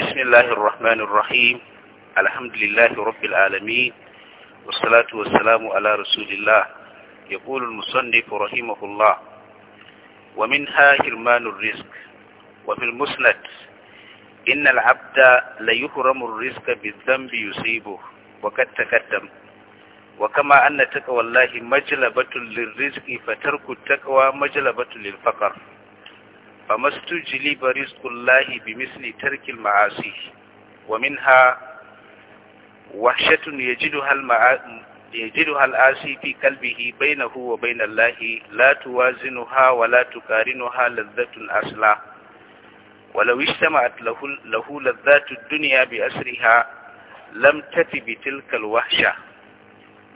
بسم الله الرحمن الرحيم الحمد لله رب العالمين والصلاة والسلام على رسول الله يقول المصنف رحمه الله ومنها حرمان الرزق وفي المسند إن العبد ليحرم الرزق بالذنب يصيبه وقد تقدم وكما أن تقوى الله مجلبة للرزق فترك التقوى مجلبة للفقر فمستجلي برزق الله بمثل ترك المعاصي ومنها وحشة يجدها يجدها الآسي في قلبه بينه وبين الله لا توازنها ولا تقارنها لذة أصلا ولو اجتمعت له, له لذات الدنيا بأسرها لم تفي بتلك الوحشة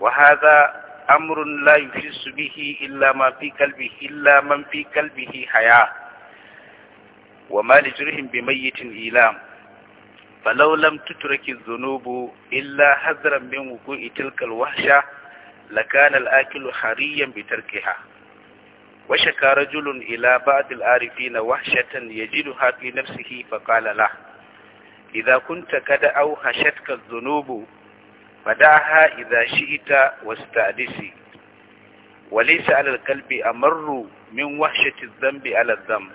وهذا أمر لا يحس به إلا ما في قلبه إلا من في قلبه حياه وما لجرهم بميت إيلام فلو لم تترك الذنوب إلا حذرا من وقوع تلك الوحشة لكان الآكل حريا بتركها وشكى رجل إلى بعض العارفين وحشة يجدها في نفسه فقال له إذا كنت قد أوحشتك الذنوب فدعها إذا شئت واستأنسي وليس على القلب أمر من وحشة الذنب على الذنب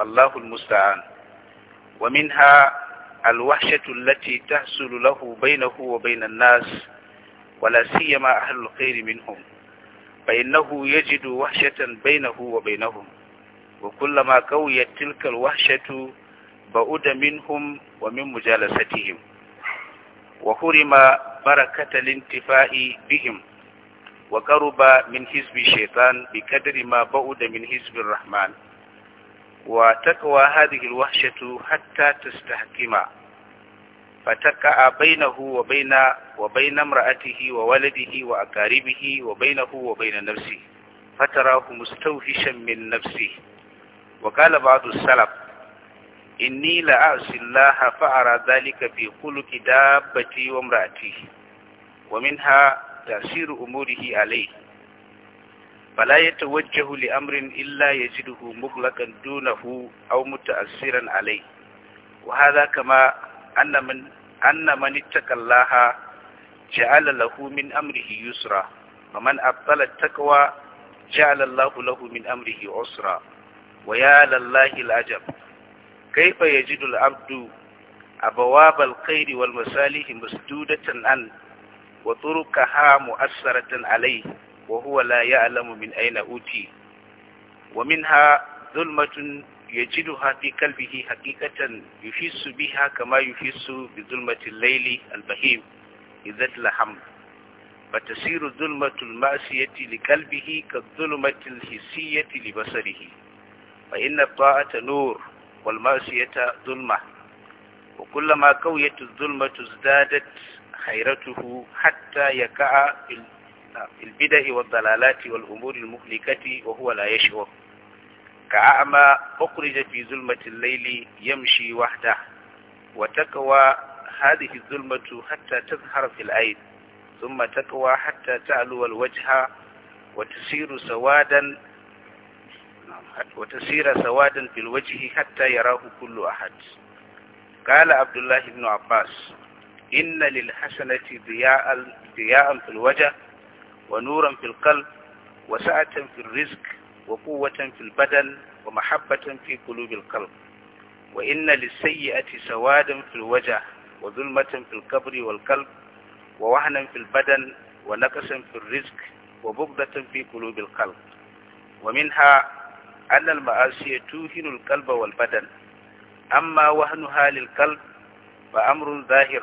الله المستعان ومنها الوحشة التي تحصل له بينه وبين الناس ولا سيما أهل الخير منهم فإنه يجد وحشة بينه وبينهم وكلما قويت تلك الوحشة بعد منهم ومن مجالستهم وحرم بركة الانتفاع بهم وقرب من حزب الشيطان بقدر ما بعد من حزب الرحمن وتكوى هذه الوحشة حتى تستحكم فتقع بينه وبين وبين امرأته وولده وأقاربه وبينه وبين نفسه فتراه مستوحشا من نفسه وقال بعض السلف إني لأعصي الله فأرى ذلك في خلق دابتي وامرأتي ومنها تأثير أموره عليه فلا يتوجه لأمر إلا يجده مغلقا دونه أو متأثرا عليه وهذا كما أن من أن من اتقى الله جعل له من أمره يسرا ومن أبطل التقوى جعل الله له من أمره عسرا ويا لله العجب كيف يجد العبد أبواب الخير والمصالح مسدودة عنه وطرقها مؤثرة عليه وهو لا يعلم من أين أوتي ومنها ظلمة يجدها في قلبه حقيقة يحس بها كما يحس بظلمة الليل البهيم إذا تلحم فتسير ظلمة المعصية لقلبه كالظلمة الحسية لبصره فإن الطاعة نور والمعصية ظلمة وكلما قويت الظلمة ازدادت حيرته حتى يقع نعم. البدع والضلالات والأمور المهلكة وهو لا يشعر كأعمى أخرج في ظلمة الليل يمشي وحده وتكوى هذه الظلمة حتى تظهر في العين ثم تكوى حتى تعلو الوجه وتسير سوادا نعم، وتسير سوادا في الوجه حتى يراه كل أحد قال عبد الله بن عباس إن للحسنة ضياء ضياء في الوجه ونورا في القلب وسعة في الرزق وقوة في البدن ومحبة في قلوب القلب وإن للسيئة سوادا في الوجه وظلمة في القبر والقلب ووهنا في البدن ونقصا في الرزق وبغضة في قلوب القلب ومنها أن المعاصي توهن القلب والبدن أما وهنها للقلب فأمر ظاهر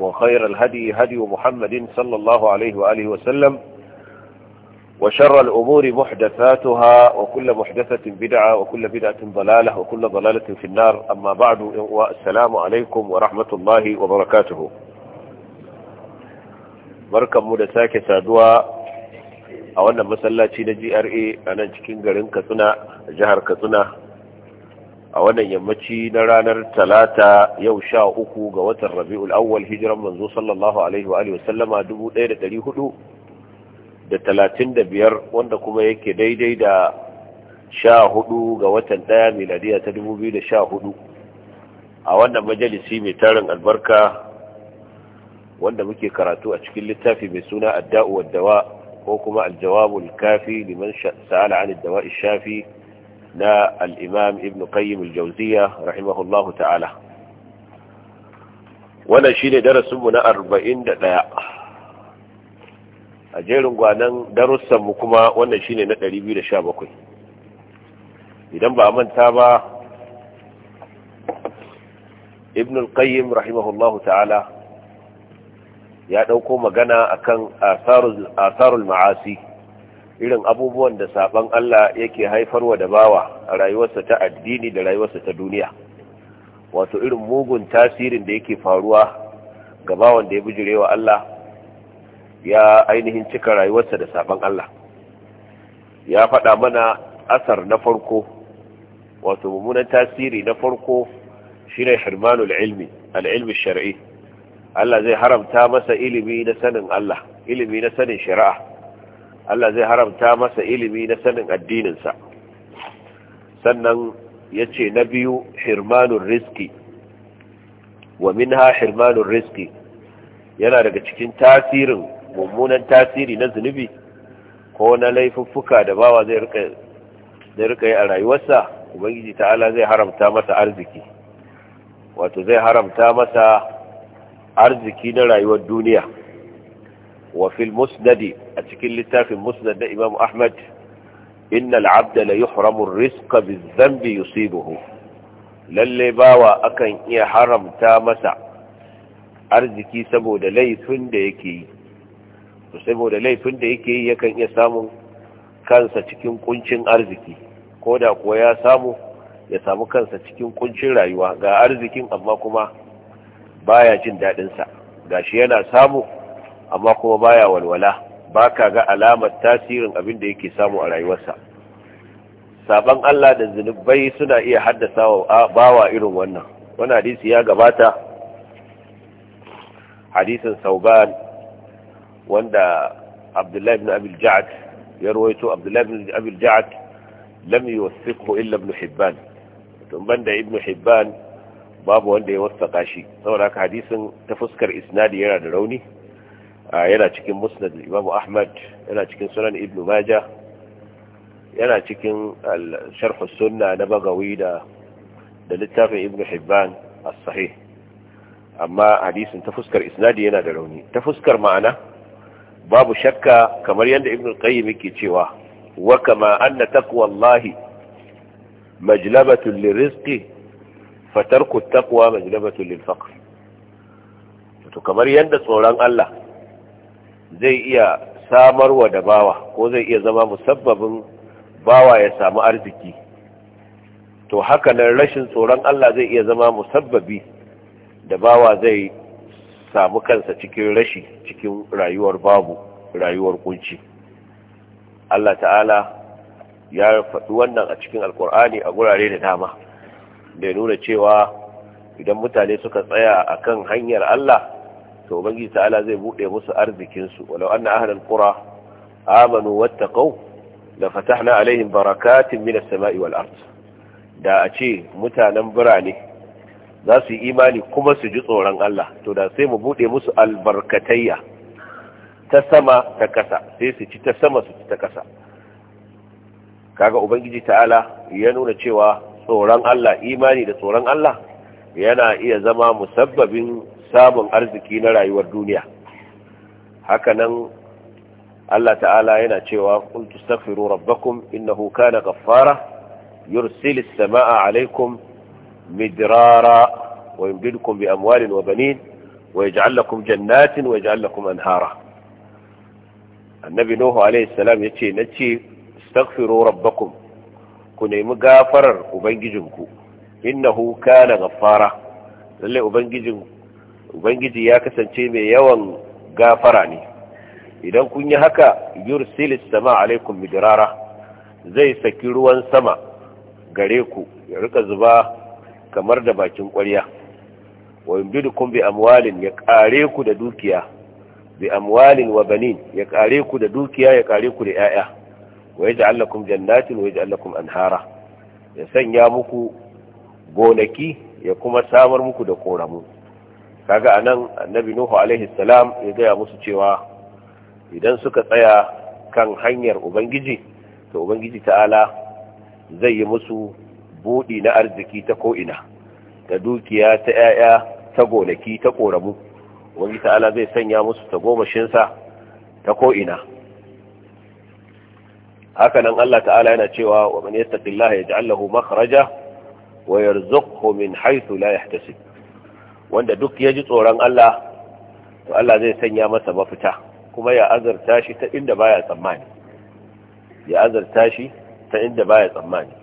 وخير الهدي هدي محمد صلى الله عليه وآله وسلم وشر الأمور محدثاتها وكل محدثة بدعة وكل بدعة ضلالة وكل ضلالة في النار أما بعد والسلام عليكم ورحمة الله وبركاته مركب مدساك سادوا أولا wannan masallaci na GRA a nan cikin garin Katsina jihar a wannan yammaci na ranar talata yau sha uku ga watan rabi'ul awwal hijiran manzo sallallahu alaihi wa dubu ɗaya da ɗari hudu da talatin da biyar wanda kuma yake daidai da sha hudu ga watan ɗaya miladiya ta dubu biyu da sha hudu a wannan majalisi mai tarin albarka wanda muke karatu a cikin littafi mai suna adda'u ko kuma aljawabul kafi liman sa'ala an dawa'i shafi na al'imam ibn qayyim al-jauziya rahimahullahu ta'ala wannan shi ne darasinmu na arba'in da ɗaya a jerin gwanan darussanmu kuma wannan shi ne na ɗari biyu da sha bakwai idan ba a manta ba ibn al-qayyim rahimahullahu ta'ala ya ɗauko magana akan asarul ma'asi irin abubuwan da saban Allah yake haifarwa da bawa a rayuwarsa ta addini da rayuwarsa ta duniya wato irin mugun tasirin da yake faruwa ga bawan da ya bijirewa Allah ya ainihin cika rayuwarsa da saban Allah ya faɗa mana asar na farko wato mummunan tasiri na farko shine hirmanul ilmi al-ilmi shar'i Allah zai haramta masa ilimi na sanin Allah ilimi na sanin shari'a Allah zai haramta masa ilimi na sanin addininsa sannan ya ce na biyu hirmanun riski wa minha hirmanun riski yana daga cikin tasirin mummunan tasiri na zunubi ko na laifuffuka da bawa zai rika yi a rayuwarsa ubangiji ta'ala zai haramta masa arziki wato zai haramta masa arziki na rayuwar duniya وفي المسند أتكل في المسند إمام أحمد إن العبد ليحرم الرزق بالذنب Buhu, lalle bawa akan iya haramta masa arziki saboda laifin da yake yi yakan iya samun kansa cikin kuncin arziki ko kuwa ya samu ya samu kansa cikin kuncin rayuwa ga arzikin amma kuma baya jin daɗinsa gashi yana samu amma kuma baya walwala baka ga alamar tasirin abin da yake samu a rayuwarsa saban Allah da zunubai suna iya haddasa wa bawa irin wannan wani hadisi ya gabata hadisin sauban wanda abdullahi ibn abil ja'ad ya rawaito abdullahi ibn abil ja'ad lam yuwaffiqhu illa ibn hibban tun banda ibn hibban babu wanda ya wasaka shi saboda haka hadisin ta fuskar isnadi yana da rauni yana cikin musnad imam ahmad yana cikin sunan ibn majah yana cikin sharh sunna na bagawi da da littafin ibn hibban as-sahih amma hadisin ta fuskar isnadi yana da rauni ta fuskar ma'ana babu shakka kamar yadda ibn qayyim yake cewa wa kama anna taqwallahi majlabatun lirizqi fatarku taqwa majlabatun lil faqr to kamar yadda tsoron Allah zai iya samarwa da bawa ko zai iya zama musabbabin bawa ya samu arziki to haka nan rashin tsoron Allah zai iya zama musabbabi da bawa zai samu kansa cikin rashi cikin rayuwar babu rayuwar kunci Allah ta'ala ya faɗi wannan a cikin alkur'ani a gurare da dama da nuna cewa idan mutane suka tsaya akan hanyar Allah to ubangiji Ala zai bude musu arzikin su walau anna ahlul qura amanu wattaqu la fatahna alaihim barakatin minas sama'i wal ard da a ce mutanen birane za su imani kuma su ji tsoron Allah to da sai mu bude musu albarkatayya ta sama ta kasa sai su ci ta sama su ci ta kasa kaga ubangiji ta'ala ya nuna cewa tsoron Allah imani da tsoron Allah yana iya zama musabbabin samun arziki na rayuwar duniya hakanan Allah ta'ala yana cewa kun tastaghfiru rabbakum innahu kana ghaffara yursilis samaa alaykum midrara wa yumdidukum bi amwalin wa banin wa yaj'al lakum jannatin wa yaj'al lakum anhara annabi nuhu alayhi salam yace nace tastaghfiru rabbakum ku nemi gafarar ubangijinku innahu kana ghaffara lalle ubangijinku ubangiji ya kasance mai yawan gafara ne idan kun yi haka silis, sama alaikum midrara zai saki ruwan sama gare ku ya rika zuba kamar da bakin ƙwarya wa yumdidukum bi amwalin ya kare ku da dukiya bi amwalin wa banin ya kare ku da dukiya ya kare ku da yaya wa yaj'al lakum jannatin wa yaj'al lakum anhara ya sanya muku gonaki ya kuma samar muku da koramu kaga anan annabi nuhu alaihi salam ya gaya musu cewa idan suka tsaya kan hanyar ubangiji to ubangiji ta'ala zai yi musu buɗi na arziki ta ko'ina ta dukiya ta 'ya'ya ta gonaki ta ƙoramu wani ta'ala zai sanya musu tagomashinsa ta ko'ina hakanan Allah ta'ala yana cewa wa man yattaqillaha yaj'al lahu makhraja wa yarzuqhu min haythu la yahtasib wanda duk ya ji tsoron Allah to Allah zai sanya masa mafita kuma ya azarta shi ta inda baya tsammani ya azarta shi ta inda baya tsammani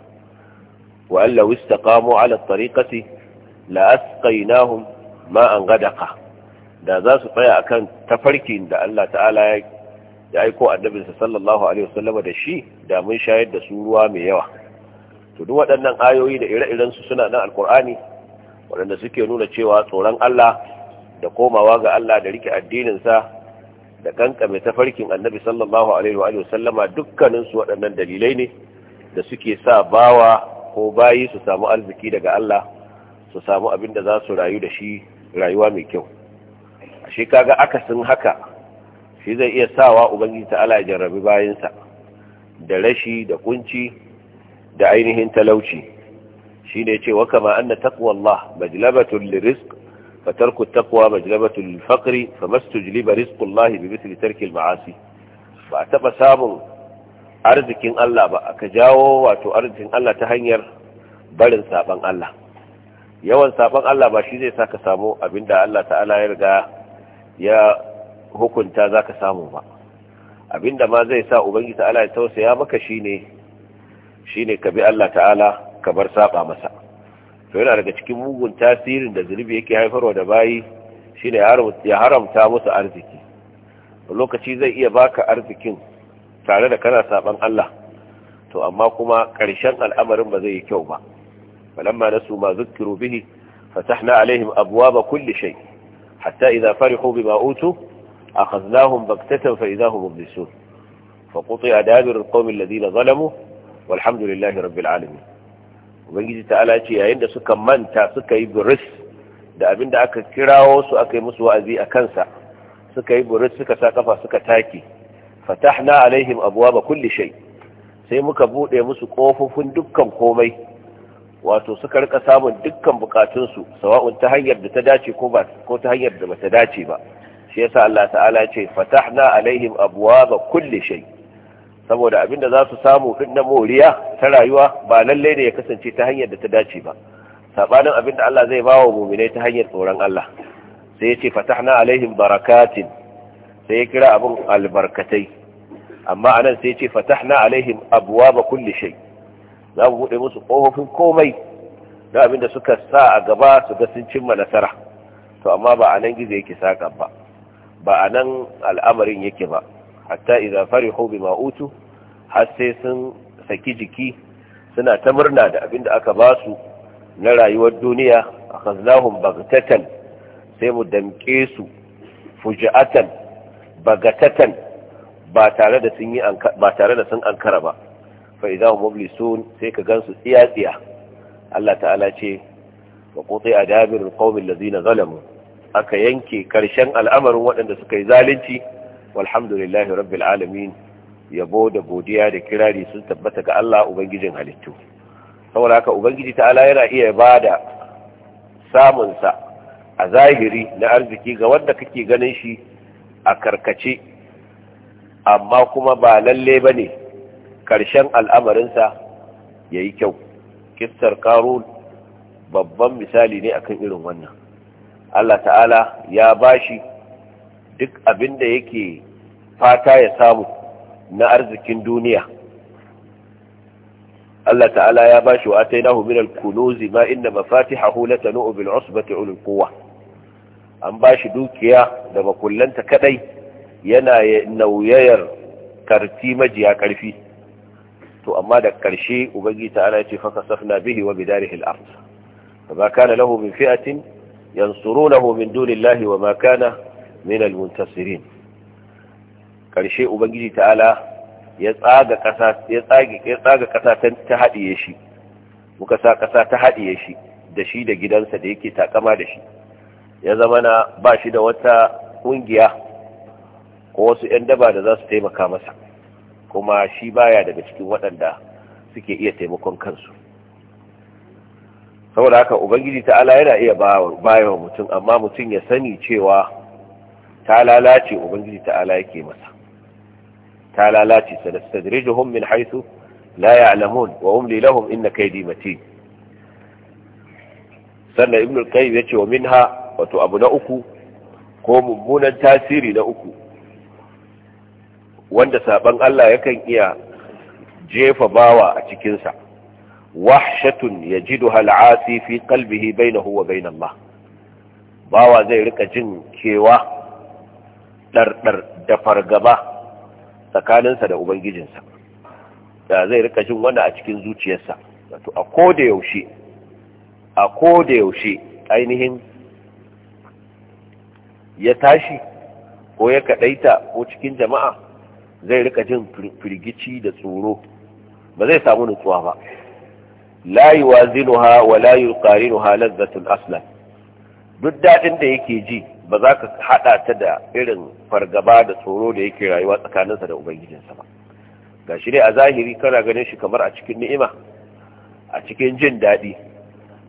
wa alla wastaqamu ala tariqati la asqaynahum an gadaqa da za su tsaya akan tafarkin da Allah ta'ala ya ya aiko annabi sallallahu alaihi wasallama da shi da mun shayar da su ruwa mai yawa to duk waɗannan ayoyi da ire-irensu suna nan alkur'ani waɗanda suke nuna cewa tsoron Allah da komawa ga Allah da rike addininsa da kankame tafarkin annabi sallallahu alaihi wa sallama dukkaninsu waɗannan dalilai ne da suke sa bawa ko bayi su samu arziki daga Allah su samu abin da za su rayu da shi rayuwa mai kyau shi kaga akasin haka shi zai iya sawa ubangiji ta'ala ya jarrabi bayansa da rashi da kunci da ainihin talauci shi ne ce waka ma anna taqwallah majlabatul lirizq fa tarku taqwa majlabatul faqri fa mastujliba rizqullah bi mithli tarki ma'asi ba taɓa samun arzikin Allah ba aka jawo wato arzikin Allah ta hanyar barin saban Allah yawan saban Allah ba shi zai sa ka samu abinda Allah ta'ala ya riga ya hukunta za ka samu ba abinda ma zai sa ubangiji ta'ala ya tausaya maka shi ne ka bi Allah ta'ala kamar saɓa saba masa to yana daga cikin mugun tasirin da zunubi yake haifarwa da bayi shine ya haramta musu arziki lokaci zai iya baka arzikin tare da kana saban Allah to amma kuma ƙarshen al'amarin ba zai yi kyau ba falamma nasu ma zukkiru bihi fatahna alaihim ba kulli shay hatta idza farihu bima utu akhadnahum baktatan fa idza hum mublisun فقطع دابر القوم الذين ظلموا والحمد لله رب العالمين ubangiji ta'ala ce yayin da suka manta suka yi buris da abin da aka kirawo su aka yi musu wa'azi a kansa suka yi buris suka sa kafa suka take fatahna alaihim ba kulli shay sai muka bude musu kofofin dukkan komai wato suka rika samun dukkan bukatun su sawa'un ta hanyar da ta dace ko ba ko ta hanyar da bata dace ba shi yasa Allah ta'ala ce fatahna alaihim ba kulli shay' saboda abin da za su samu din na moriya ta rayuwa ba lallai ne ya kasance ta hanyar da ta dace ba sabanin abin da Allah zai bawa mu'minai ta hanyar tsoron Allah sai yace fatahna alaihim barakatin sai ya kira abin albarkatai amma anan sai yace fatahna alaihim abwaba kulli shay za mu bude musu kofofin komai da abin da suka sa a gaba su ga sun cimma nasara to amma ba anan gizo yake saka ba ba anan al'amarin yake ba hatta idza farihu bima utu har sai sun saki jiki suna ta murna da abin da aka ba su na rayuwar duniya akhaznahum baghtatan sai mu damke su fuji'atan bagatatan ba tare da sun yi ba tare da sun ankara ba fa sai ka gansu tsiya tsiya Allah ta'ala ce wa qutai adabirul qaumil ladina zalamu aka yanke karshen al'amarin waɗanda suka yi zalunci walhamdulillahi rabbil alamin yabo da godiya da kirari sun tabbata ga Allah ubangijin halittu saboda haka ubangiji ta'ala yana iya bada samun sa a zahiri na arziki ga wanda kake ganin shi a karkace amma kuma ba lalle bane karshen al'amarin sa yayi kyau kissar qarun babban misali ne akan irin wannan Allah ta'ala ya bashi duk abin da yake fata ya samu na arzikin duniya Allah ta'ala ya bashi wa atainahu min al-kunuz ma inna mafatihahu latanu bil usbati ulul kowa. an bashi dukiya da makullanta kadai yana nauyayar karti majiya karfi to amma da karshe ubangiji ta'ala ya ce fa kasafna bihi wa bidarihi al-ard kana lahu min fi'atin yansurunahu min dunillahi wa ma kana min al-muntasirin karshe ubangiji ta'ala ya tsaga kasa ya tsage ya tsaga kasa ta hadiye shi muka sa kasa ta hadiye shi da shi da gidansa da yake takama da shi ya zama na ba shi da wata kungiya ko wasu 'yan daba da za su taimaka masa kuma shi baya daga cikin waɗanda suke iya taimakon kansu saboda haka ubangiji ta'ala yana iya bayar mutum amma mutum ya sani cewa ta lalace ubangiji ta'ala yake masa ta lalace sanastadrijuhum min haythu la ya'lamun wa umli lahum inna kaydi matin sannan ibn al-qayyim yace wa minha wato abu na uku ko mummunan tasiri na uku wanda saban Allah yakan iya jefa bawa a cikin sa wahshatun yajiduha al-asi fi qalbihi bainahu wa bain Allah bawa zai rika jin kewa ɗarɗar da fargaba tsakaninsa da ubangijinsa da zai rika jin wannan a cikin zuciyarsa wato a koda yaushe a koda yaushe ainihin ya tashi ko ya kaɗaita ko cikin jama'a zai rika jin firgici da tsoro ba zai samu nutsuwa ba la yuwazinuha wa la yuqarinuha lazzatul aslan duk daɗin da yake ji ba za ka haɗa ta da irin fargaba da tsoro da yake rayuwa tsakaninsa da ubangijinsa ba ga shi a zahiri kana ganin shi kamar a cikin ni'ima a cikin jin daɗi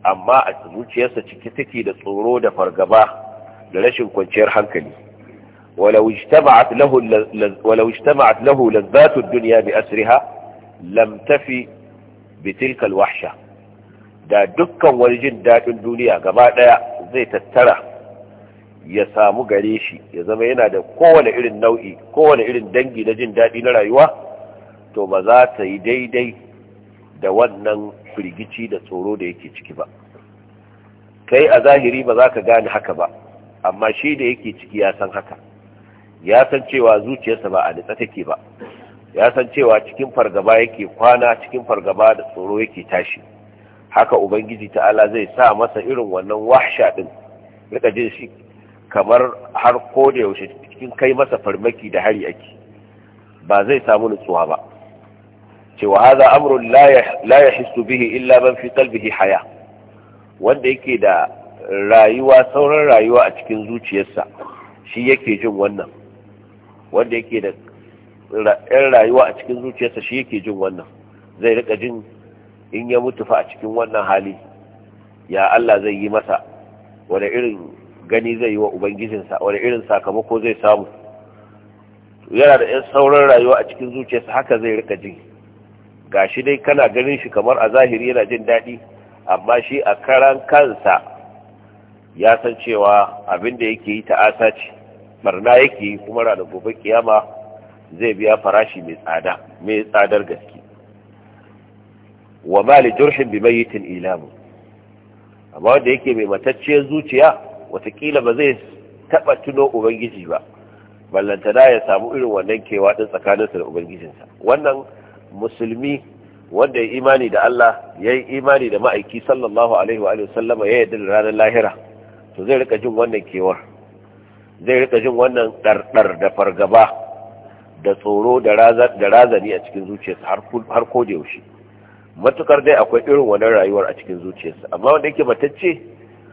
amma a zuciyarsa ciki take da tsoro da fargaba da rashin kwanciyar hankali ولو اجتمعت له ولو اجتمعت له لذات الدنيا بأسرها لم da dukkan wani jin daɗin duniya gaba ɗaya zai tattara ya samu gare shi ya zama yana da kowane irin nau'i kowane irin dangi na jin daɗi na rayuwa to ba za ta yi daidai da wannan firgici da tsoro da yake ciki ba kai a zahiri ba za ka gane haka ba amma shi da yake ciki ya san haka ya san cewa zuciyarsa ba a nitsa take ba ya san cewa cikin fargaba yake kwana cikin fargaba da tsoro yake tashi haka ubangiji ta'ala zai sa masa irin wannan wahsha din rika jin shi kamar har ko da yaushe cikin kai masa farmaki da hari ake ba zai samu nutsuwa ba cewa haza amrun la yahissu bihi illa man fi qalbihi haya wanda yake da rayuwa sauran rayuwa a cikin zuciyarsa shi yake jin wannan wanda yake da rayuwa a cikin zuciyarsa shi yake jin wannan zai rika jin in ya mutu fa a cikin wannan hali ya Allah zai yi masa wani irin gani zai yi wa ubangijinsa wani irin sakamako zai samu yana da yan sauran rayuwa a cikin zuciyarsa haka zai rika jin Ga shi dai kana ganin shi kamar a zahiri yana jin daɗi amma shi a karan kansa ya san cewa abin da yake yi ta'asa ce barna yake yi kuma rana gobe kiyama zai biya farashi mai tsada mai tsadar gaske wa mali jurhin bi mayitin ilamu amma wanda yake mai matacciyar zuciya watakila ba zai taba tuno ubangiji ba da ya samu irin wannan kewa din tsakaninsa da ubangijinsa wannan musulmi wanda ya imani da Allah ya yi imani da ma'aiki sallallahu alaihi wa sallama ya yarda da ranar lahira to zai rika jin wannan kewar zai rika jin wannan ɗarɗar da fargaba da tsoro da razani a cikin zuciyarsa har ko da yaushe matukar dai akwai irin wannan rayuwar a cikin zuciyarsa amma wanda yake matacce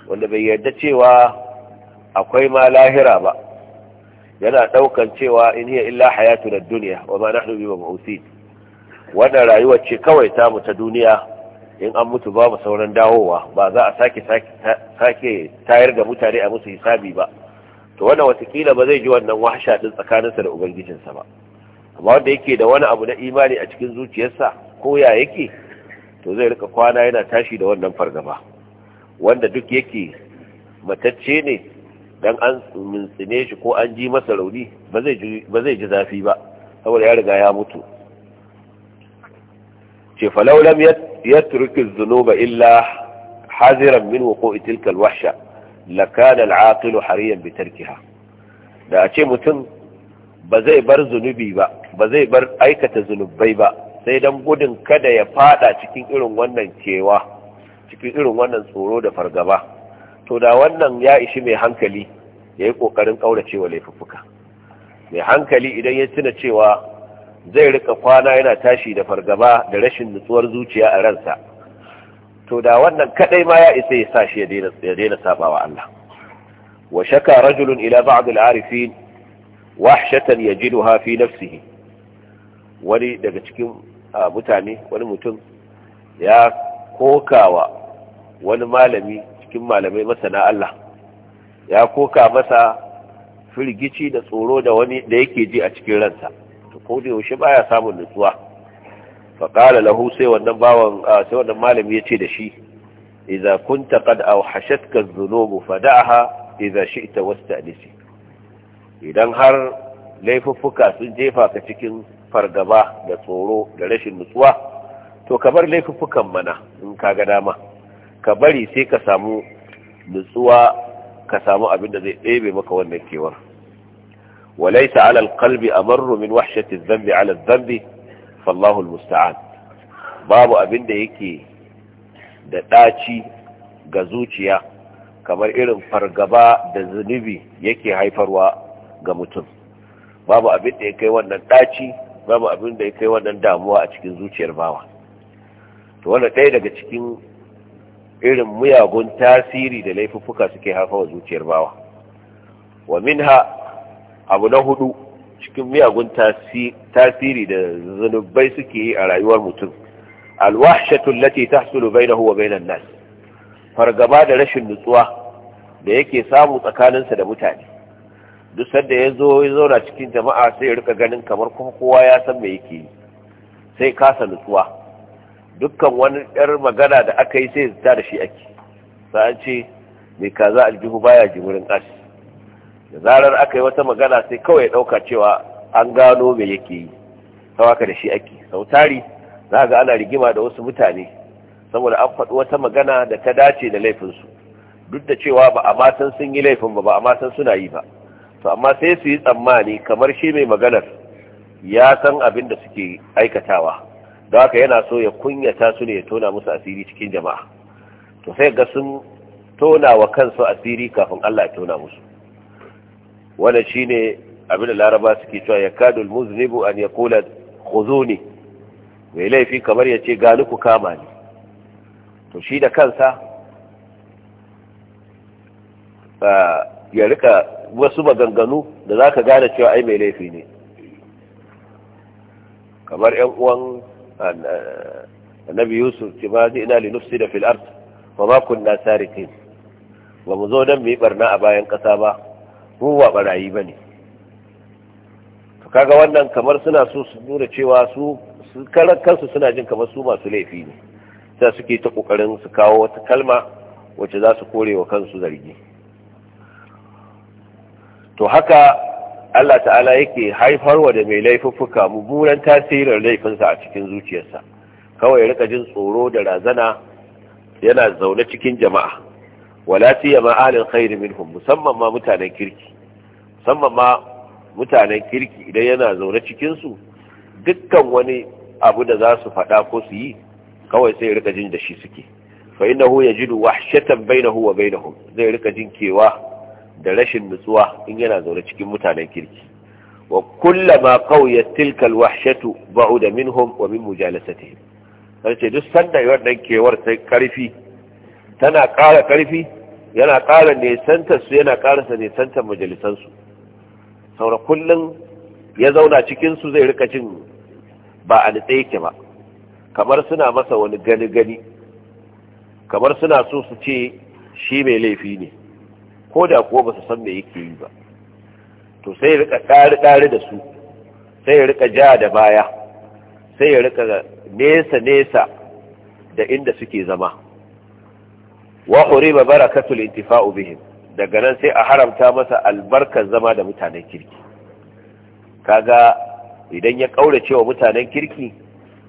wanda bai yarda cewa akwai ma lahira ba yana daukan cewa in hiya illa hayatu na duniya wa ma nahnu bi mab'usin wannan rayuwar ce kawai ta mu ta duniya in an mutu ba mu sauran dawowa ba za a sake sake tayar da mutane a musu hisabi ba to wannan watakila ba zai ji wannan wahasha din tsakaninsa da ubangijinsa ba amma wanda yake da wani abu na imani a cikin zuciyarsa ko ya yake to zai rika kwana yana tashi da wannan fargaba wanda duk yake matacce ne dan an mintsine shi ko an ji masa rauni ba zai ji zafi ba saboda ya riga ya mutu ce falau lam yatruki dhunuba illa haziran min ko itilkal alwahsha lakana al'aqil hariyan bi tarkiha da a ce mutum ba zai bar zunubi ba ba zai bar aikata zunubai ba sai dan gudun kada ya fada cikin irin wannan kewa cikin irin wannan tsoro da fargaba to da wannan ya ishi mai hankali ya yi ƙoƙarin ƙauracewa laifuffuka mai hankali idan ya tuna cewa zai rika kwana yana tashi da fargaba da rashin nutsuwar zuciya a ransa to da wannan kadai ma ya isa ya sa shi ya daina sabawa Allah wa shaka rajulun ila ba'd al-arifin wahshatan yajiduha fi nafsihi wani daga cikin ah, mutane wani mutum ya kokawa wani malami cikin malamai masana Allah ya koka masa firgici da tsoro da wani da yake ji a cikin ransa to ko da yaushe baya samun nutsuwa fa qala lahu sai wannan bawan sai wannan malami yace da shi idza kunta qad awhashatka adh-dhunub fad'aha idza shi'ta wasta'nisi idan har laifuffuka sun jefa ka cikin fargaba da tsoro da rashin nutsuwa to ka bar laifuffukan mana in ka ga dama ka bari sai ka samu nutsuwa ka samu abin da zai ɗebe maka wannan kewar walaisa ala alqalbi amarru min wahshati dhanbi ala dhanbi fallahu almusta'an babu abin da yake da ɗaci ga zuciya kamar irin fargaba da zunubi yake haifarwa ga mutum babu abin da ya wannan ɗaci babu abin da ya wannan damuwa a cikin zuciyar bawa to wannan ɗaya daga cikin irin muyagun tasiri da laifuffuka suke haifa wa zuciyar bawa wa minha abu na hudu cikin miyagun tasiri da zunubai suke yi a rayuwar mutum alwahshatu lati tahsulu bainahu wa bainan nas fargaba da rashin nutsuwa da yake samu tsakaninsa da mutane duk sanda ya zo ya zauna cikin jama'a sai ya rika ganin kamar kuma kowa ya san me yake yi sai kasa nutsuwa dukkan wani yar magana da aka yi sai ta da shi ake sa'an ce mai kaza aljihu baya wurin as da zarar aka yi wata magana sai kawai ya ɗauka cewa an gano me yake yi aka da shi ake sau tari za ga ana rigima da wasu mutane saboda an faɗi wata magana da ta dace da laifinsu duk da cewa ba a matan sun yi laifin ba ba a matan suna yi ba to amma sai su yi tsammani kamar shi mai maganar ya san abin da suke aikatawa don haka yana so ya kunyata su ne ya tona musu asiri cikin jama'a to sai ga sun tona wa kansu asiri kafin Allah ya tona musu wannan shine abin da laraba suke cewa ya kadu muznibu an ya kula khuzuni mai laifi kamar ya ce gani ku kama ni to shi da kansa ya rika wasu maganganu da za ka gane cewa ai mai laifi ne kamar 'yan uwan annabi yusuf ce ba zai ina linufsi da fil'art ba ma kunna sarikin ba mu zo don mu barna a bayan ƙasa ba mu ba barayi ba ne to kaga wannan kamar suna so su nuna cewa su kansu suna jin kamar su masu laifi ne sa suke ta kokarin su kawo wata kalma wacce za su kore wa kansu zargi to haka Allah ta'ala yake haifarwa da mai laifuffuka mummunan tasirin laifinsa a cikin zuciyarsa kawai rika jin tsoro da razana yana zaune cikin jama'a wala ma ahlul khair minhum musamman ma mutanen kirki musamman ma mutanen kirki idan yana zaune cikin su dukkan wani abu da za su faɗa ko su yi kawai sai rika jin da shi suke fa innahu yajidu wahshatan bainahu wa bainahum zai rika jin kewa da rashin nutsuwa in yana zaune cikin mutanen kirki wa kullama qawiyat tilkal alwahshatu ba'uda minhum wa min mujalasatihim sai duk sanda dan kewar sai karfi tana ƙara karfi yana ƙara santar su yana ƙarasa santar majalisan su saura kullun ya zauna cikin su zai rika jin ba a nitse yake ba kamar suna masa wani gani gani kamar suna so su ce shi mai laifi ne ko da kuwa ba su san me yake yi ba to sai ya rika ƙari-ƙari da su sai ya rika ja da baya sai ya rika nesa-nesa da inda suke zama wa huriba barakatul intifa'u bihim daga nan sai a haramta masa albarkar zama da mutanen kirki kaga idan ya ƙaurace wa mutanen kirki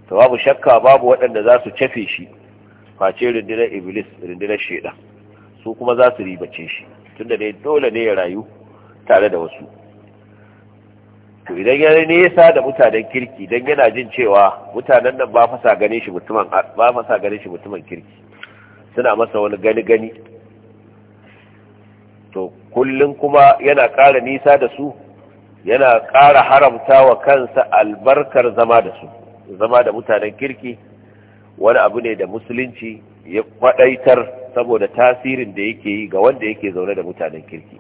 to babu shakka babu waɗanda za su cafe shi face rundunar iblis rundunar shaidan su kuma za su ribace shi tunda dai dole ne ya rayu tare da wasu to idan ya nesa da mutanen kirki dan yana jin cewa mutanen nan ba fasa gane shi mutumin ba fasa ganin shi mutumin kirki suna masa wani gani gani to kullun kuma yana ƙara nisa da su yana ƙara haramta wa kansa albarkar zama da su zama da mutanen kirki wani abu ne da musulunci ya kwadaitar saboda tasirin da yake yi ga wanda yake zaune da mutanen kirki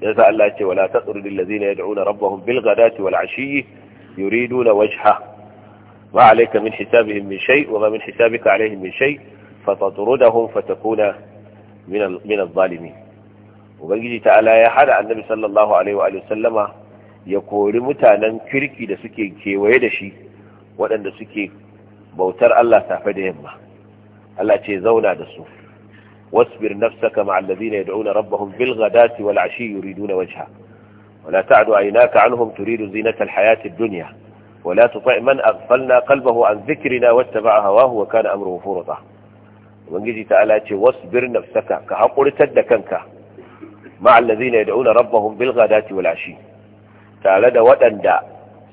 yasa Allah ya ce wala tasru lil ladzina yad'una rabbahum bil ghadati wal ashi yuriduna wajha ma alayka min hisabihim min shay wa ma min hisabika alayhim min shay fatatrudahum fatakuna min min adh-dhalimin ubangiji ta'ala ya hada annabi sallallahu alaihi wa alihi sallama ya kori mutanen kirki da suke kewaye da shi waɗanda suke bautar Allah safe da yamma Allah ce zauna da su wasbir nafsaka ma alladhina yad'una rabbahum bil ghadati wal ashi yuriduna wajha wala ta'du aynaka a turidu zinata al hayati ad dunya wala tuti man aghfalna qalbahu an dhikrina wattaba'a hawahu wa kana amruhu furta ubangiji ta'ala ce wasbir nafsaka ka hakuritar da kanka ma alladhina yad'una rabbahum bil ghadati wal ashi ta'ala da wadanda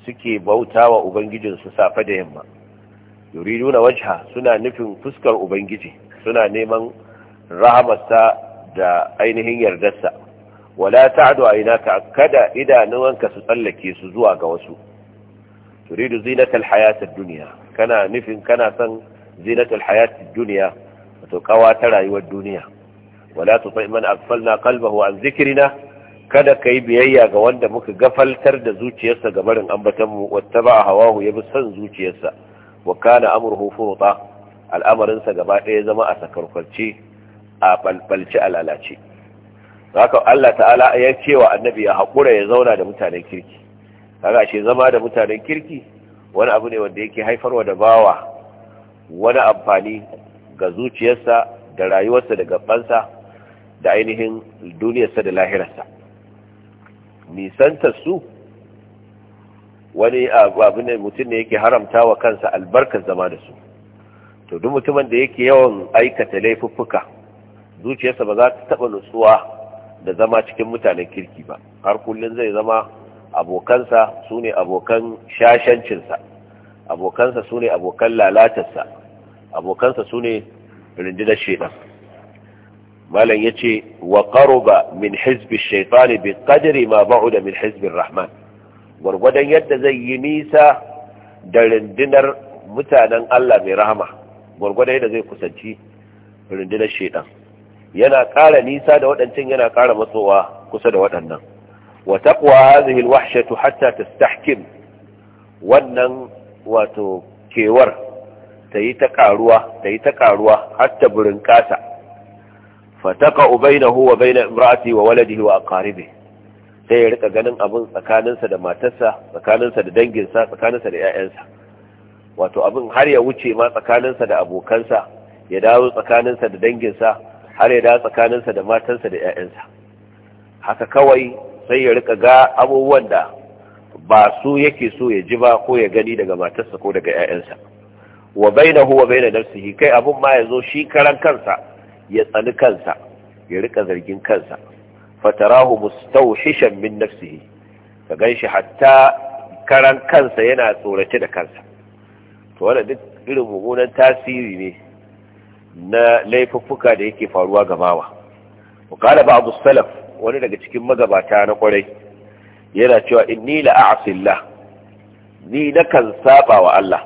suke bauta wa su safe da yamma na wajha suna nufin fuskar ubangiji suna neman rahamarsa da ainihin yardarsa wala ta'du aynaka kada idanuwanka su tsallake su zuwa ga wasu turidu zinatal hayatid dunya kana nufin kana san zinatal hayatid dunya wato kawa ta rayuwar duniya wala tuti man aghfalna qalbahu an dhikrina kada kai biyayya ga wanda muka gafaltar da zuciyarsa ga barin ambatanmu wattaba hawahu yabi san zuciyarsa wa kana amruhu furuta al'amarin sa gaba ɗaya zama a sakarkarce a balbalci alalace haka Allah ta'ala ya ce wa annabi ya haƙura ya zauna da mutanen kirki kaga shi zama da mutanen kirki wani abu ne wanda yake haifarwa da bawa wani amfani ga zuciyarsa da rayuwarsa da gabansa da ainihin duniyarsa da lahirarsa nisantar su wani abu ne mutum ne yake haramta wa kansa albarkar zama da su to duk mutumin da yake yawan aikata laifuffuka zuciyarsa ba za ta taɓa nutsuwa da zama cikin mutanen kirki ba har kullum zai zama abokansa su ne abokan shashancinsa abokansa su ne abokan lalatarsa abokansa su ne rundunar shaidan malam ya ce wa min hizbin shaitani bi ƙadiri ma ba'u da min hizbin rahman gwargwadon yadda zai yi nisa da rindinar mutanen Allah mai rahama gwargwadon yadda zai kusanci rindinar shaidan yana ƙara nisa da waɗancan yana ƙara matsowa kusa da waɗannan wa taqwa hadhihi alwahshatu hatta tastahkim wannan wato kewar ta yi ta karuwa ta yi ta karuwa hatta burin kasa fataka bainahu wa bain imra'ati wa waladihi wa aqaribihi sai ya rika ganin abin tsakaninsa da matarsa tsakaninsa da danginsa tsakaninsa da 'ya'yansa wato abin har ya wuce ma tsakaninsa da abokansa ya dawo tsakaninsa da danginsa har ya dawo tsakaninsa da matarsa da 'ya'yansa haka kawai sai ya rika ga abubuwan da ba su yake so ya ji ba ko ya gani daga matarsa ko daga 'ya'yansa wa baina huwa baina nafsihi kai abun ma ya zo shi karan kansa ya tsani kansa ya rika zargin kansa fatarahu mustawhishan min nafsihi ka ganshi hatta karan kansa yana tsorace da kansa to wanda duk irin mugunan tasiri ne na laifuffuka da yake faruwa ga bawa وقال بعض wani daga cikin magabata na kwarai yana cewa inni la'asillah ni nakan saba wa Allah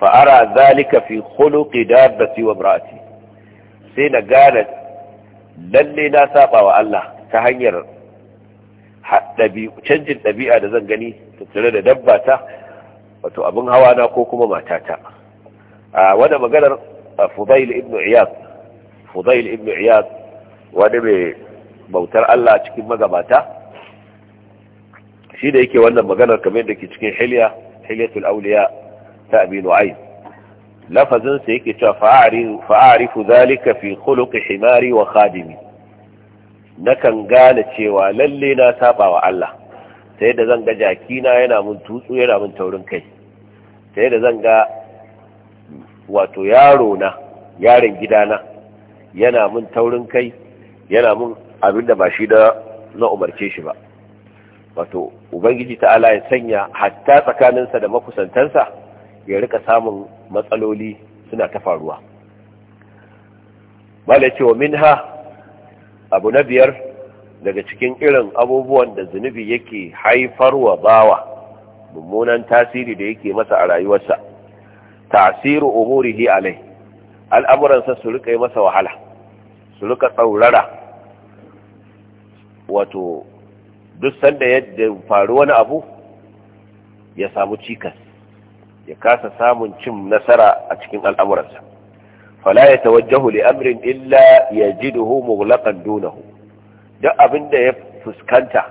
fa'ara zalika fi khuluqi dabbati wa imraati sai na gane lalle na saba wa Allah ta hanyar canjin ɗabi'a da zan gani tattare da dabba ta wato abin hawa na ko kuma matata a wadda maganar fudail ibn iyad fudail ibn iyad wani mai bautar Allah cikin magabata shi da yake wannan maganar kamar da ke cikin hiliya hiliyatul auliya ta abinu Ayin? lafazin sa yake cewa fa'arifu zalika fi khuluqi himari wa khadimi nakan gane cewa lalle na saba wa Allah sai da zan ga jakina yana mun tutsu yana mun taurin kai sai da zan ga wato yaro na yaron gidana yana mun taurin kai yana mun abin da ba shi da na umarce shi ba wato ubangiji ta'ala ya sanya hatta tsakaninsa da makusantansa ya rika samun matsaloli suna ta faruwa mala cewa minha abu na biyar daga cikin irin abubuwan da zunubi yake haifarwa bawa mummunan tasiri da yake masa a rayuwarsa tasiru umurihi alai al'amuransa su rika yi masa wahala su rika tsaurara wato duk sanda yadda faru wani abu ya samu cikas ya kasa samun cin nasara a cikin al'amuransa fala ya tawajjahu li amrin illa yajiduhu mughlaqan dunahu duk abin da ya fuskanta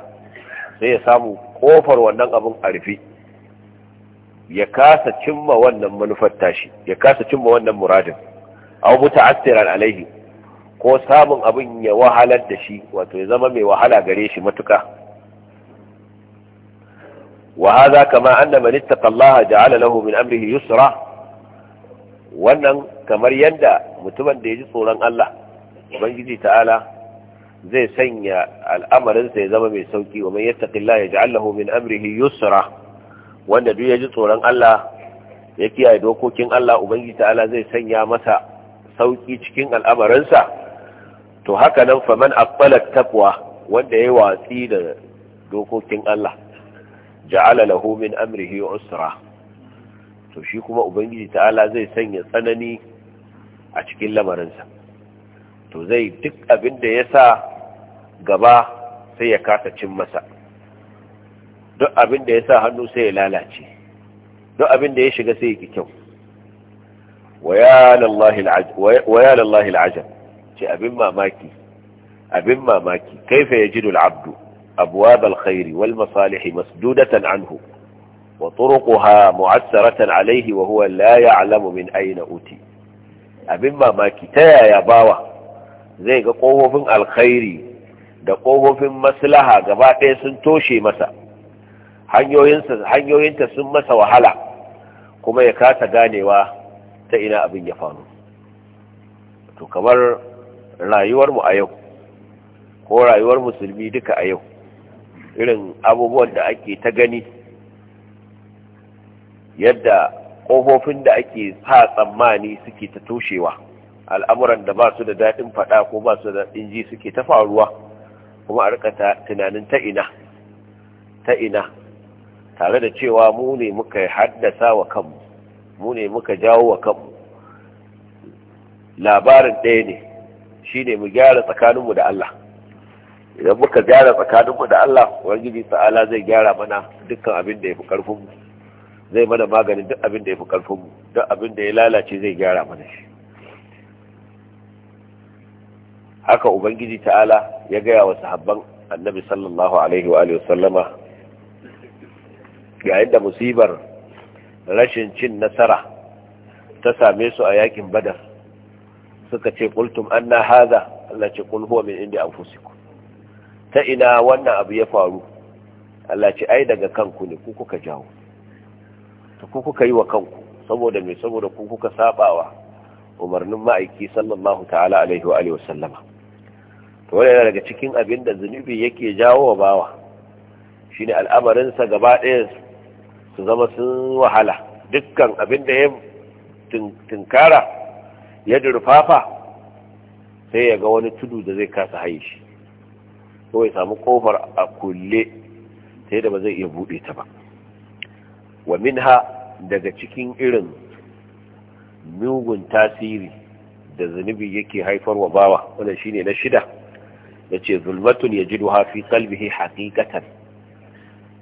sai ya samu kofar wannan abin a rufe ya kasa cimma wannan manufar tashi ya kasa cimma wannan muradin aw muta'assiran alaihi ko samun abin ya wahalar da shi wato ya zama mai wahala gare shi matuka وهذا كما أن من اتقى الله جعل له من أمره wannan kamar yadda mutumin da ya ji tsoron Allah ubangiji ta'ala zai sanya al'amarinsa ya zama mai sauki wa man yattaqillaha yaj'al lahu min amrihi yusra wanda duk ya ji tsoron Allah ya kiyaye dokokin Allah ubangiji ta'ala zai sanya masa sauki cikin al'amarinsa to haka nan faman aqbala taqwa wanda ya watsi da dokokin Allah ja'ala lahu min amrihi usra to shi kuma ubangiji ta'ala zai sanya tsanani a cikin lamarinsa to zai duk abin da ya sa gaba sai ya kasa cin masa duk abin da ya sa hannu sai ya lalace duk abin da ya shiga sai ya ki kyau waya lallahi al'ajab ce abin mamaki abin mamaki kaifa ya jidul أبواب الخير والمصالح مسدودة عنه وطرقها معسرة عليه وهو لا يعلم من أين أتي abin mamaki ta yaya bawa zai ga ƙofofin alkhairi da ƙofofin maslaha gaba ɗaya sun toshe masa hanyoyinta sun masa wahala kuma ya kasa ganewa ta ina abin ya faru to kamar rayuwarmu a yau ko rayuwar musulmi duka a yau irin abubuwan da ake ta gani yadda ƙofofin da ake sa tsammani suke ta toshewa al'amuran da ba su da daɗin faɗa ko ba su da daɗin ji suke ta faruwa kuma a rika tunanin ta ina ta ina tare da cewa mu ne muka haddasa wa kanmu mu ne muka jawo wa kanmu labarin ɗaya ne shi ne mu gyara tsakaninmu da Allah idan muka gyara tsakaninmu da Allah ubangiji ta'ala zai gyara mana dukkan abin da ya fi karfinmu zai mana maganin duk abin da ya fi karfinmu duk abin da ya lalace zai gyara mana shi haka ubangiji ta'ala ya gaya wa sahabban annabi sallallahu alaihi wa alihi wasallama yayin da musibar rashin cin nasara ta same su a yakin badar suka ce qultum anna hadha Allah ce qul huwa min indi anfusikum ta ina wannan abu ya faru Allah ce ai daga kanku ne ku kuka jawo ta ku kuka yi wa kanku saboda me saboda ku kuka sabawa umarnin ma'aiki sallallahu ta'ala alaihi wa alihi wasallama to wannan daga cikin abin da zunubi yake jawo wa bawa shine al'amarin sa gaba ɗaya su zama sun wahala dukkan abin da ya tunkara ya durfafa sai ya ga wani tudu da zai kasa haishi ko ya samu kofar a kulle sai da ba zai iya buɗe ta ba wa minha daga cikin irin mugun tasiri da zunubi yake haifar wa bawa wannan shine na shida yace zulmatun yajiduha fi qalbihi haqiqatan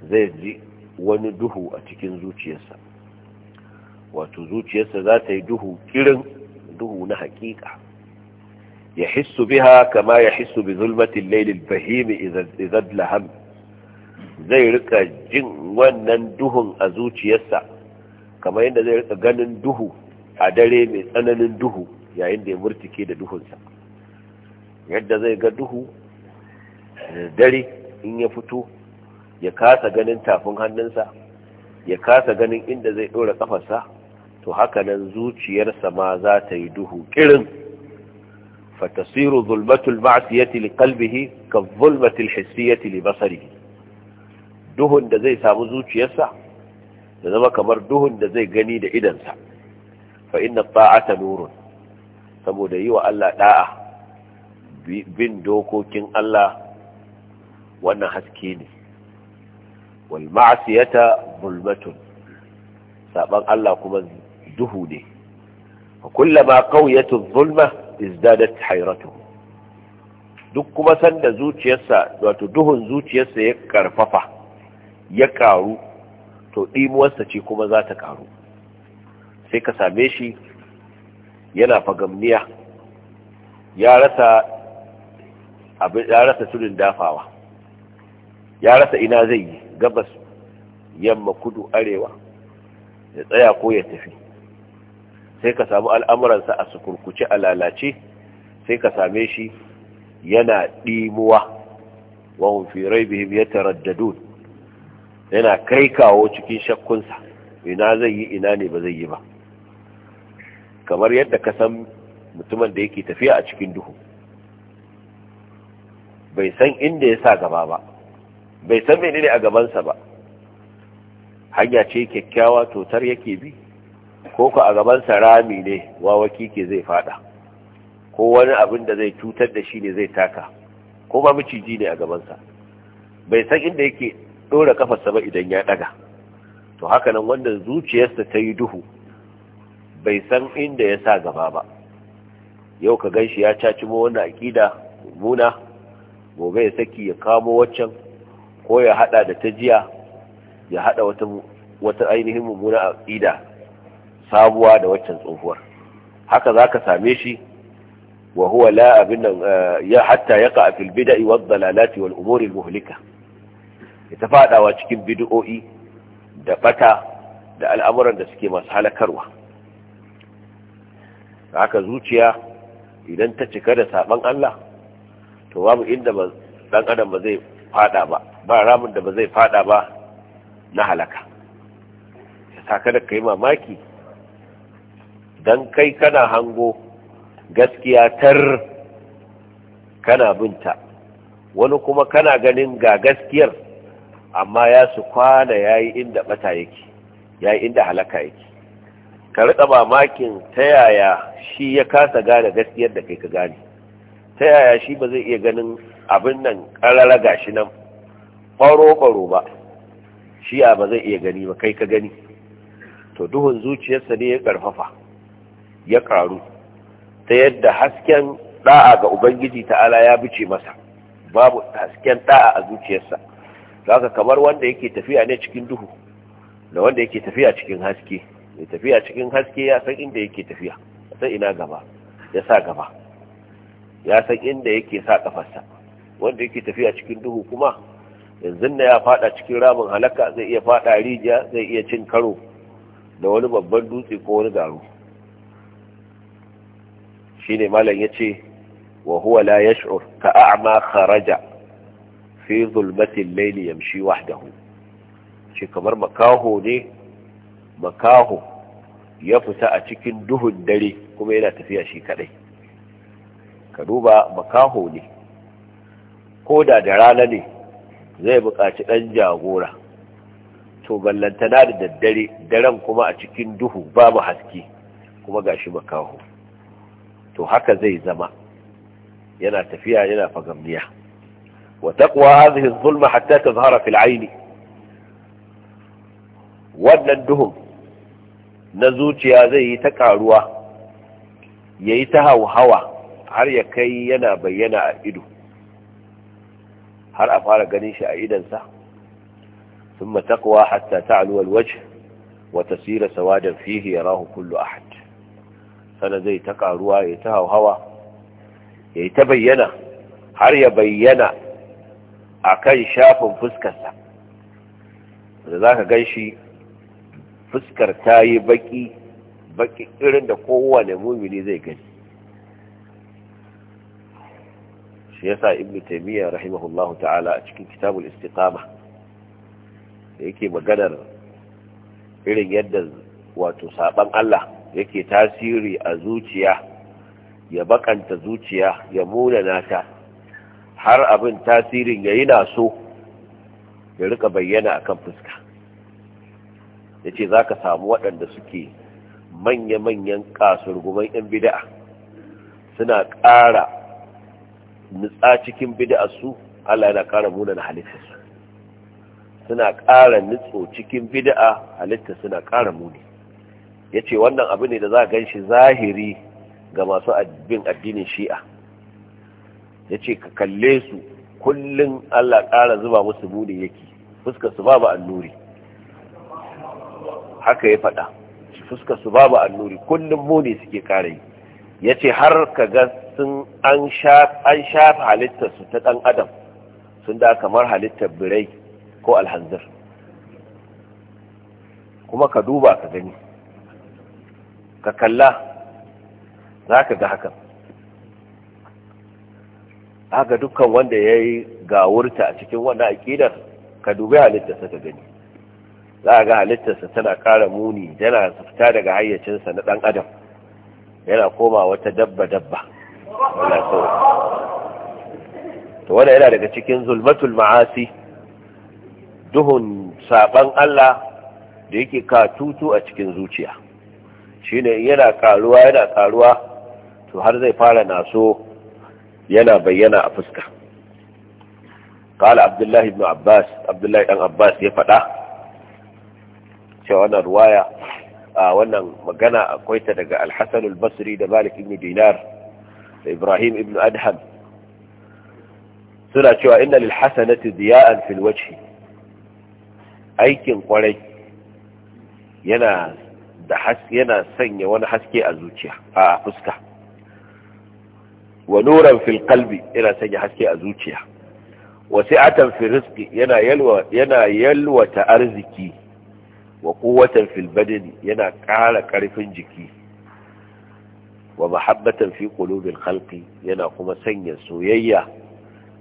zai ji wani duhu a cikin zuciyarsa wato zuciyarsa za ta yi duhu kirin duhu na haƙiƙa Ya يحس بها كما يحس بظلمة الليل الفهيم إذا ادلهم zai rika jin wannan duhun a zuciyarsa kamar yadda zai rika ganin duhu a dare mai tsananin duhu yayin da ya murtike da duhunsa yadda zai ga duhu dare in ya fito ya kasa ganin tafin hannunsa ya kasa ganin inda zai ɗora ƙafarsa to hakanan zuciyarsa ma za ta yi duhu ƙirin فتسير ظلمة المعصية لقلبه كالظلمة الحسية لبصره دهن da zai samu zuciyarsa da zama kamar duhun da zai gani da idansa fa inna ta'ata nurun saboda yi wa Allah da'a bin dokokin Allah wannan haske ne wal ma'siyata zulmatun saban Allah kuma duhu ne Ka ma qawiyatu zulma izdadat hayratu duk kuma sanda zuciyarsa wato duhun zuciyarsa ya karfafa ya karu to ɗimuwarsa ce kuma za ta karu sai ka same shi yana fagamniya ya rasa abin ya rasa tudun dafawa ya rasa ina zai yi gabas yamma kudu arewa ya tsaya ko ya tafi sai ka samu al'amuransa a sukurkuce a lalace sai ka same shi yana ɗimuwa wahun firai bihim ya taraddadun yana kai kawo cikin shakkunsa ina zai yi ina ne ba zai yi ba kamar yadda ka san mutumin da yake tafiya a cikin duhu bai san inda ya sa gaba ba bai san menene a gabansa ba hanya ce kyakkyawa totar yake bi ko ku a gabansa rami ne wawaki ke zai fada ko wani abin da zai cutar da shi ne zai taka ko ba miciji ne a gabansa bai san inda yake ɗora kafarsa ba idan ya ɗaga to haka nan wanda zuciyarsa ta yi duhu bai san inda ya sa gaba ba yau ka gan shi ya mu wannan akida muna gobe ya saki ya kamo waccan ko ya hada da ta jiya ya hada wata wata ainihin mummuna ƙida. sabuwa da waccan tsohuwar haka za ka same shi wa huwa la abin eh, ya hatta ya ka fil bida'i wa dalalati wal umuri muhlika ya ta fadawa cikin bid'o'i da bata da al'amuran da suke masu halakarwa haka zuciya idan ta cika da saban Allah to babu inda dan adam ba zai fada ba ba ramin da ba zai fada ba na halaka ya kada da kai mamaki don kai kana hango gaskiya tar kana binta wani kuma kana ganin ga gaskiyar amma ya su kwana ya yi inda bata yake ya yi inda halaka yake ka riƙa mamakin ta yaya shi ya kasa gane gaskiyar da kai ka gane ta yaya shi ba zai iya ganin abin nan ƙarara gashi nan ƙwaro-ƙwaro ba shi ba zai iya gani ba kai ka gani to duhun zuciyarsa ne ya karfafa. ya karu ta yadda hasken da'a ga ubangiji ta'ala ya bice masa babu hasken da'a a zuciyarsa zaka kamar wanda yake tafiya ne cikin duhu da wanda yake tafiya cikin haske mai tafiya cikin haske ya san inda yake tafiya san ina gaba ya sa gaba ya san inda yake sa kafarsa wanda yake tafiya cikin duhu kuma yanzu da ya fada cikin ramin halaka zai iya fada rijiya zai iya cin karo da wani babban dutse ko wani garo shine malam yace wa huwa la yash'ur ka a'ma kharaja fi zulmati al-layl yamshi wahdahu shi kamar makaho ne makaho ya fita a cikin duhun dare kuma yana tafiya shi kadai ka duba makaho ne ko da da rana ne zai buƙaci ɗan jagora to ballantana da daddare daren kuma a cikin duhu babu haske kuma gashi makaho to haka zai zama yana tafiya yana fagamniya wa taqwa hadhihi adh-dhulma hatta tazhara fil 'ayn wannan duhun na zuciya zai yi ta karuwa yayi ta hauhawa har ya kai yana bayyana a ido har a fara ganin shi a idansa ثم تقوى حتى تعلو الوجه وتسير سوادا فيه يراه كل أحد sana zai ta karuwa ya ta hauhawa ya ta bayyana har ya bayyana a kan shafin fuskarsa da za ka gan shi fuskar ta yi baki baki irin da kowane mumini zai gani shi ya sa ibn taymiya rahimahullahu ta'ala a cikin kitabul istiqama da yake maganar irin yadda wato saban Allah yake tasiri a zuciya ya bakanta zuciya ya munana ta har abin tasirin ya yi naso ya rika bayyana akan fuska ya ce za ka samu waɗanda suke manya-manyan kasurguman 'yan bida'a suna ƙara nutsa cikin su Allah yana ƙara munana halittarsu suna ƙara nutso cikin bida'a halitta suna ƙara muni ya ce wannan abu ne da za a gan shi zahiri ga masu bin addinin shi'a ya ce ka kalle su kullum allah ƙara zuba musu bude yake fuskarsu babu annuri haka ya faɗa fuskarsu babu annuri kullum muni suke ƙara yi ya ce har ka ga sun an shafa halittarsu ta ɗan adam sun da kamar halittar birai ko alhanzir kuma ka duba ka gani ka kalla za ka ga hakan haka dukkan wanda ya yi gawurta a cikin wannan aƙidar ka dubi halittarsa ta gani za a ga halittarsa tana ƙara muni tana fita daga hayyacinsa na ɗan adam yana koma wata dabba-dabba to wanda yana daga cikin zulmatul ma'asi duhun saɓan Allah da yake ka tutu a cikin zuciya shine yana karuwa yana karuwa to har zai fara naso yana bayyana a fuska قال Abdullahi Ibn Abbas, Abdullahi عبد Abbas ya faɗa cewa wannan ruwaya a wannan magana akwai ta daga Alhassanul basri da Malik ibn Dinar da Ibrahim ibn Adham suna cewa inna lil hasanati diya'an fil aikin kwarai yana da yana sanya wani haske a zuciya a fuska wa nuran fil qalbi yana sanya haske a zuciya Wasi'atan sa'atan fil rizqi yana yalwa yana yalwata arziki wa quwwatan fil badani yana ƙara ƙarfin jiki wa mahabbatan fi qulubil khalqi yana kuma sanya soyayya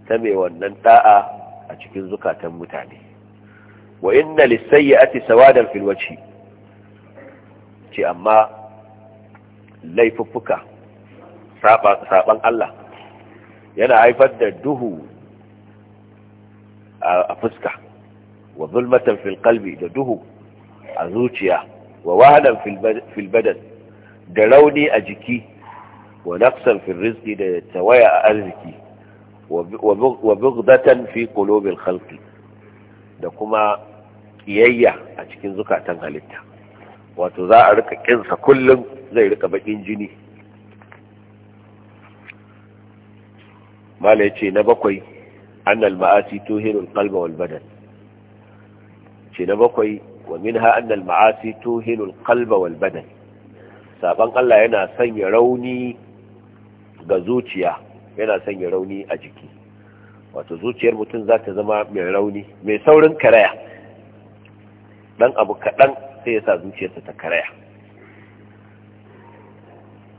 ta mai wannan da'a a cikin zukatan mutane wa inna lis sayyi'ati sawadan fil wajhi ce amma laifuffuka saban Allah yana haifar da duhu a fuska wa zulmatan fil da duhu a zuciya wa wahalan fil badan da rauni a jiki wa naqsan fil rizqi da tawaya a arziki wa bughdatan fi qulubil khalqi da kuma kiyayya a cikin zukatan halitta wato za a rika kinsa kullum zai rika bakin jini mala yace na bakwai annal ma'asi tuhirul qalba wal badan ce na bakwai wa minha annal ma'asi tuhirul qalba wal badan saban Allah yana sanya rauni ga zuciya yana sanya rauni a jiki wato zuciyar mutum za ta zama mai rauni mai saurin karaya dan abu kaɗan sai ya sa zuciyarsa ta karaya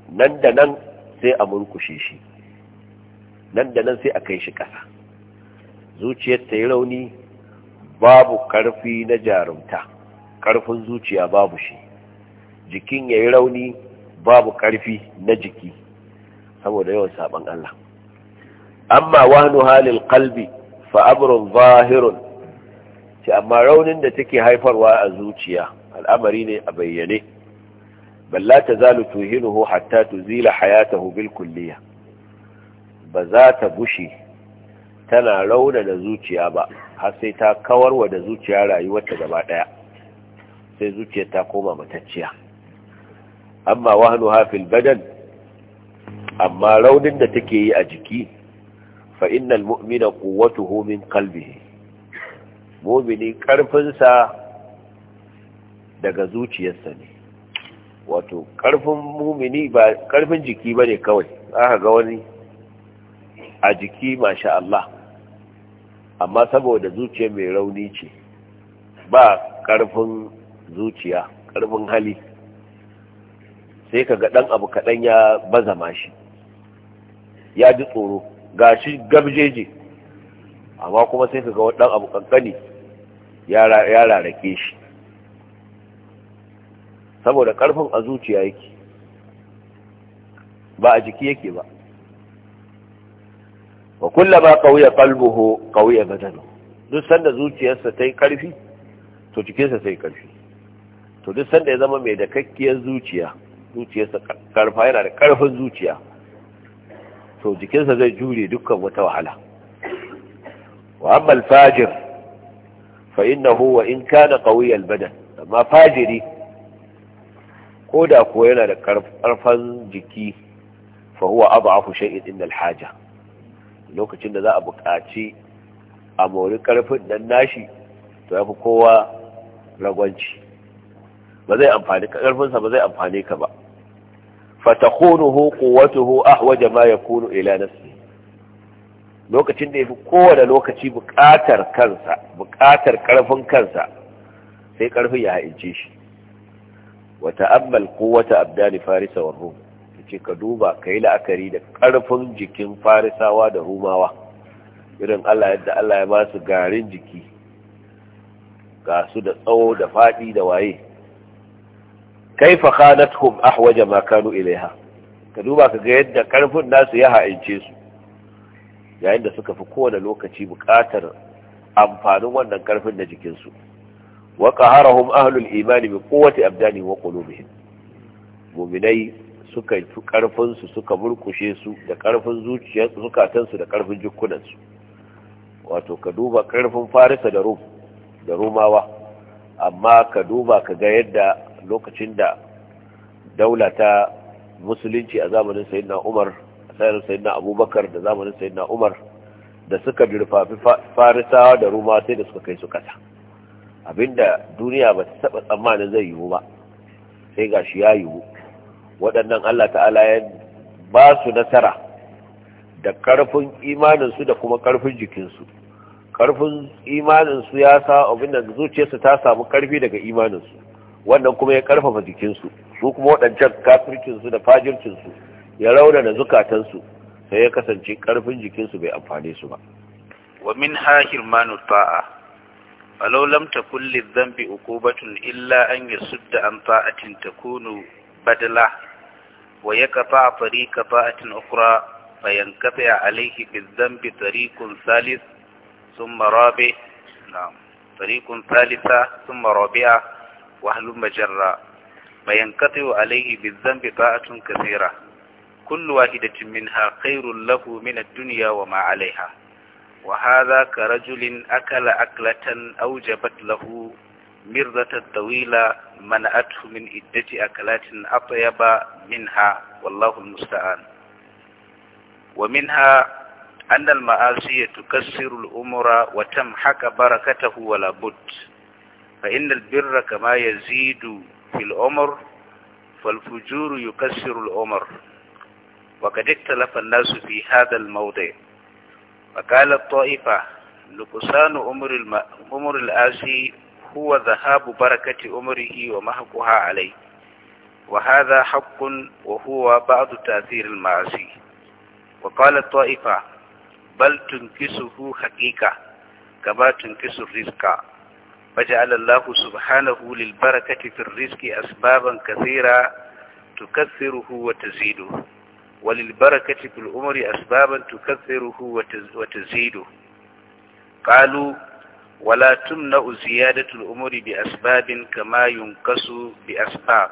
nan da nan sai a murkushe shi nan da nan sai a kai shi ƙasa zuciyar ta yi rauni babu ƙarfi na jarumta ƙarfin zuciya babu shi jikin ya yi rauni babu ƙarfi na jiki saboda yawan saɓon Allah amma wani halin kalbi fa'abrun zahirun ce amma raunin da take haifarwa a zuciya al'amari ne a bayyane balla ta zalu tuhinuhu hatta tuzila hayatahu bil kulliya ba za ta bushe tana rauna da zuciya ba har sai ta kawar wa da zuciya rayuwarta gaba daya sai zuciyar ta koma matacciya amma wahanu hafil badan amma raunin da take yi a jiki fa innal mu'mina quwwatuhu min qalbihi mu'mini karfinsa daga zuciyarsa ne wato karfin mumini ba karfin jiki ba ne kawai aka ga wani a jiki masha Allah amma saboda zuciya mai rauni ce ba karfin zuciya karfin hali sai ka ga dan abu kaɗan ya baza mashi ya ji tsoro ga shi gabjeje amma kuma sai ka ga wadan abu kankani ya rarake shi saboda karfin a zuciya yake ba a jiki yake ba wa kullama qawiya qalbuhu kawuya badano duk sanda zuciyarsa ta yi karfi to jikinsa sai karfi to duk sanda ya zama mai da kakkiyar zuciya zuciyarsa karfa yana da karfin zuciya to jikinsa zai jure dukkan wata wahala wa amma alfajir fa innahu wa in kana qawiy albadan amma fajiri ko da kuwa yana da karfan jiki fa huwa ab'afu shay'in inda alhaja lokacin da za a buƙaci a mori karfin dan nashi to yafi kowa ragwanci ba zai amfani ka sa ba zai amfani ka ba fa fatakunuhu quwwatuhu ahwaja ma yakunu ila nafsi lokacin da yafi kowa da lokaci buƙatar kansa buƙatar karfin kansa sai karfin ya haince shi Wata وتأمل قوة أبدان فارس والروم kace ka duba ka yi la'akari da ƙarfin jikin farisawa da rumawa irin Allah yadda Allah ya ba su garin jiki ga su da tsawo da faɗi da waye kaifa khanatuhum ahwaja ma kanu ilaiha ka duba ka ga yadda ƙarfin nasu ya ha'ince su yayin da suka fi kowane lokaci buƙatar amfanin wannan ƙarfin da jikinsu wa qaharahum ahlul imani bi quwwati abdanihim wa qulubihim mu'minai suka yi karfin su suka murkushe su da karfin zuciyarsu zukatansu da karfin jukkunansu wato ka duba karfin farisa da rum da rumawa amma ka duba ka ga yadda lokacin da daula ta musulunci a zamanin sayyidina umar a sayyidina sayyidina abubakar da zamanin sayyidina umar da suka durfafi farisawa da rumawa sai da suka kai su kasa abinda duniya ba ta taɓa tsammanin zai yiwu ba sai ga shi ya yiwu waɗannan Allah ta'ala ya ba su nasara da ƙarfin imaninsu da kuma ƙarfin jikinsu ƙarfin imaninsu ya sa abinda zuciyarsu ta samu ƙarfi daga imaninsu wannan kuma ya ƙarfafa jikinsu su kuma waɗancan kafircinsu da fajircinsu ya raunana zukatansu sai ya kasance ƙarfin jikinsu bai amfane su ba wa min hahir ولو لم تكن للذنب عقوبة إلا أن يصد عن طاعة تكون بدلة ويقطع طريق طاعة أخرى فينقطع عليه بالذنب طريق ثالث ثم رابع نعم طريق ثالثة ثم رابعة وأهل مجرى فينقطع عليه بالذنب طاعة كثيرة كل واحدة منها خير له من الدنيا وما عليها وهذا كرجل أكل أكلة أوجبت له مرضة طويلة منعته من عدة أكلات أطيب منها والله المستعان ومنها أن المعاصي تكسر الأمور وتمحك بركته ولا بد فإن البر كما يزيد في العمر فالفجور يكسر الأمر وقد اختلف الناس في هذا الموضع فقال الطائفة لقصان أمر, الم... أمر الآسي هو ذهاب بركة أمره ومحقها عليه وهذا حق وهو بعض تأثير المعاصي وقال الطائفة بل تنكسه حقيقة كما تنكس الرزق فجعل الله سبحانه للبركة في الرزق أسبابا كثيرة تكثره وتزيده وللبركة في الأمر أسبابا تكثره وتزيده قالوا ولا تمنع زيادة الأمور بأسباب كما ينقص بأسباب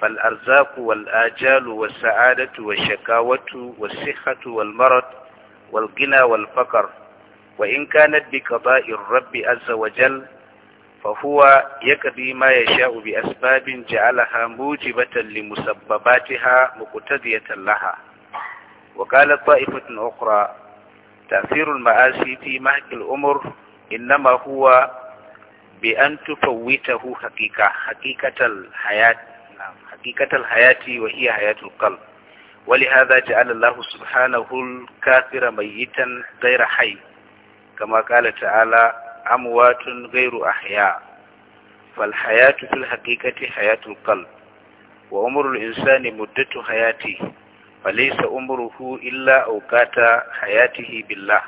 فالأرزاق والآجال والسعادة والشكاوة والصحة والمرض والغنى والفقر وإن كانت بقضاء الرب عز وجل فهو يقضي ما يشاء بأسباب جعلها موجبة لمسبباتها مقتدية لها وقال طائفة أخرى تأثير المآسي في مهك الأمر إنما هو بأن تفوته حقيقة حقيقة الحياة نعم، حقيقة الحياة وهي حياة القلب ولهذا جعل الله سبحانه الكافر ميتا غير حي كما قال تعالى أموات غير أحياء فالحياة في الحقيقة حياة القلب وأمر الإنسان مدة حياته فليس أمره إلا أوقات حياته بالله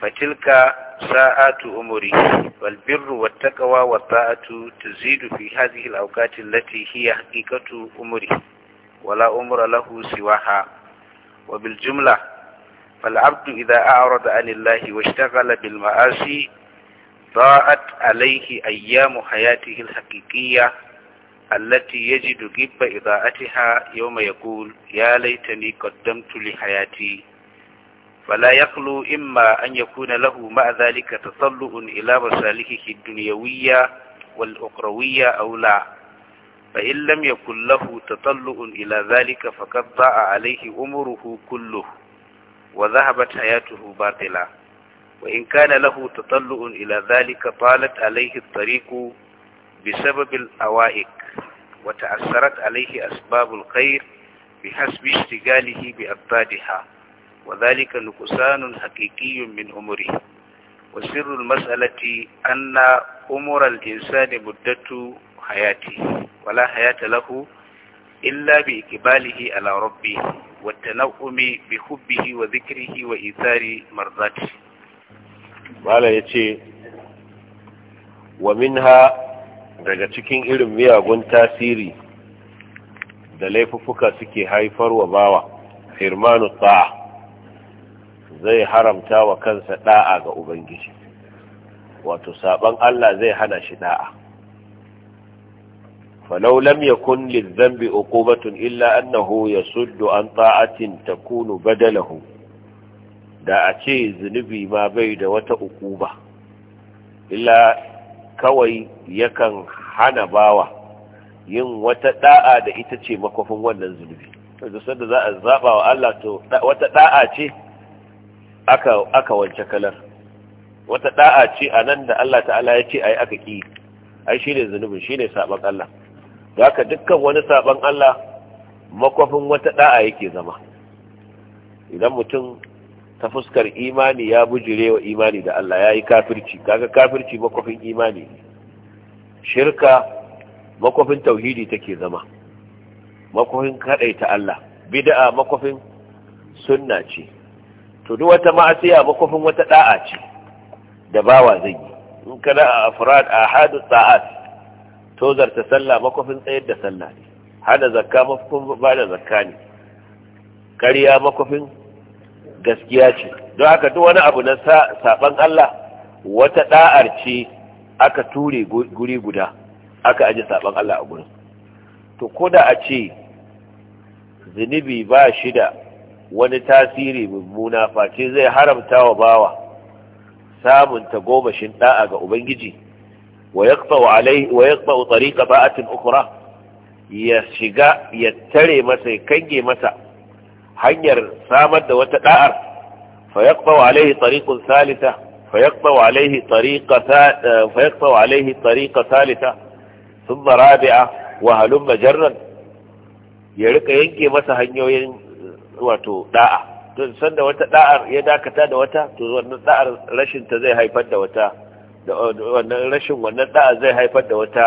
فتلك ساعات أمره والبر والتقوى والطاعة تزيد في هذه الأوقات التي هي حقيقة أمره ولا أمر له سواها وبالجملة فالعبد إذا أعرض عن الله واشتغل بالمعاصي ضاعت عليه أيام حياته الحقيقية التي يجد جب إضاءتها يوم يقول يا ليتني قدمت لحياتي فلا يخلو إما أن يكون له مع ذلك تطلع إلى مصالحه الدنيوية والأخروية أو لا فإن لم يكن له تطلع إلى ذلك فقد ضاع عليه أمره كله وذهبت حياته باطلا وإن كان له تطلع إلى ذلك طالت عليه الطريق بسبب الأوائك وتأثرت عليه أسباب الخير بحسب اشتغاله بأضدادها وذلك نقصان حقيقي من أمره وسر المسألة أن أمر الإنسان مدة حياته ولا حياة له إلا بإقباله على ربه والتنعم بحبه وذكره وإيثار مرضاته قال يتي ومنها daga cikin irin miyagun tasiri da laifuffuka suke haifar wa bawa firmanu ta'a zai haramta wa kansa da'a ga ubangiji wato saban Allah zai hana shi da'a فلو لم يكن للذنب أقوبة إلا أنه يسد عن طاعة تكون بدله da a ce zunubi ma bai da wata يكن illa kawai yakan hana bawa yin wata da'a da ita ce makwafin wannan zunubi da sanda za a zaba wa Allah to wata da'a ce aka aka wance kalar wata da'a ce anan da Allah ta'ala ya ce ai aka ki ai shine zunubin shine sabon Allah Daka dukkan wani saban Allah makwafin wata da'a yake zama idan mutum ta fuskar imani ya bujire wa imani da Allah ya yi kafirci kaga kafirci makwafin imani shirka makwafin tauhidi take zama makwafin ta Allah Bida'a makwafin sunna ce to duk wata ma'asiya makwafin wata ɗa'a ce da bawa zai yi in kana a afrad ahadu ta'at tozarta sallah makofin tsayar da sallah ne hada zakka mafkun ba da zakka ne Karya makofin gaskiya ce don haka duk wani abu na saban Allah wata ɗa'ar ce aka ture guri guda aka aje saban Allah a gurin to koda a ce zunubi ba shi da wani tasiri mummuna face zai haramta wa bawa samunta gobashin ɗa'a ga ubangiji ويقطع عليه ويقطع طريق باءة أخرى يشجع يتري مسا يكنجي مسا حنير سامد وتدار فيقطع عليه طريق ثالثة فيقطع عليه طريق فيقطع عليه طريق ثالثة ثم رابعة وهلم جرا يرك ينكي مسا حنيوين واتو داء to sanda wata da'ar ya dakata da wata to wannan da'ar rashin ta zai haifar da wata wannan rashin wannan da'a zai haifar da wata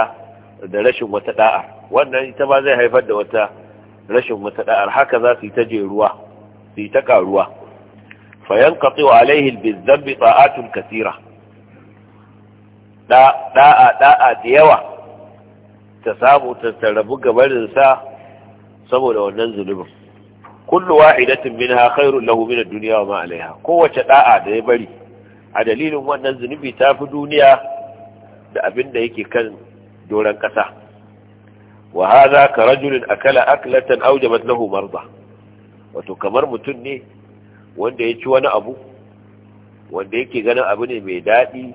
da rashin wata da'a wannan ita ma zai haifar da wata rashin wata da'a, haka za su yi ta jeruwa su yi ta karuwa fa yanqati alaihi bizambi ta'atun kathira da da'a da'a da yawa ta samu ta tarabu gabarin sa saboda wannan zulubin kullu wahidatin minha khairun lahu min ad-dunya wa ma alaiha kowace da'a da ya bari a dalilin wannan zunubi ta fi duniya da abin da yake kan doron ƙasa wa haza ka rajulin akala aklatan aujabat lahu marda wato kamar mutum ne wanda ya ci wani abu wanda yake ganin abu ne mai daɗi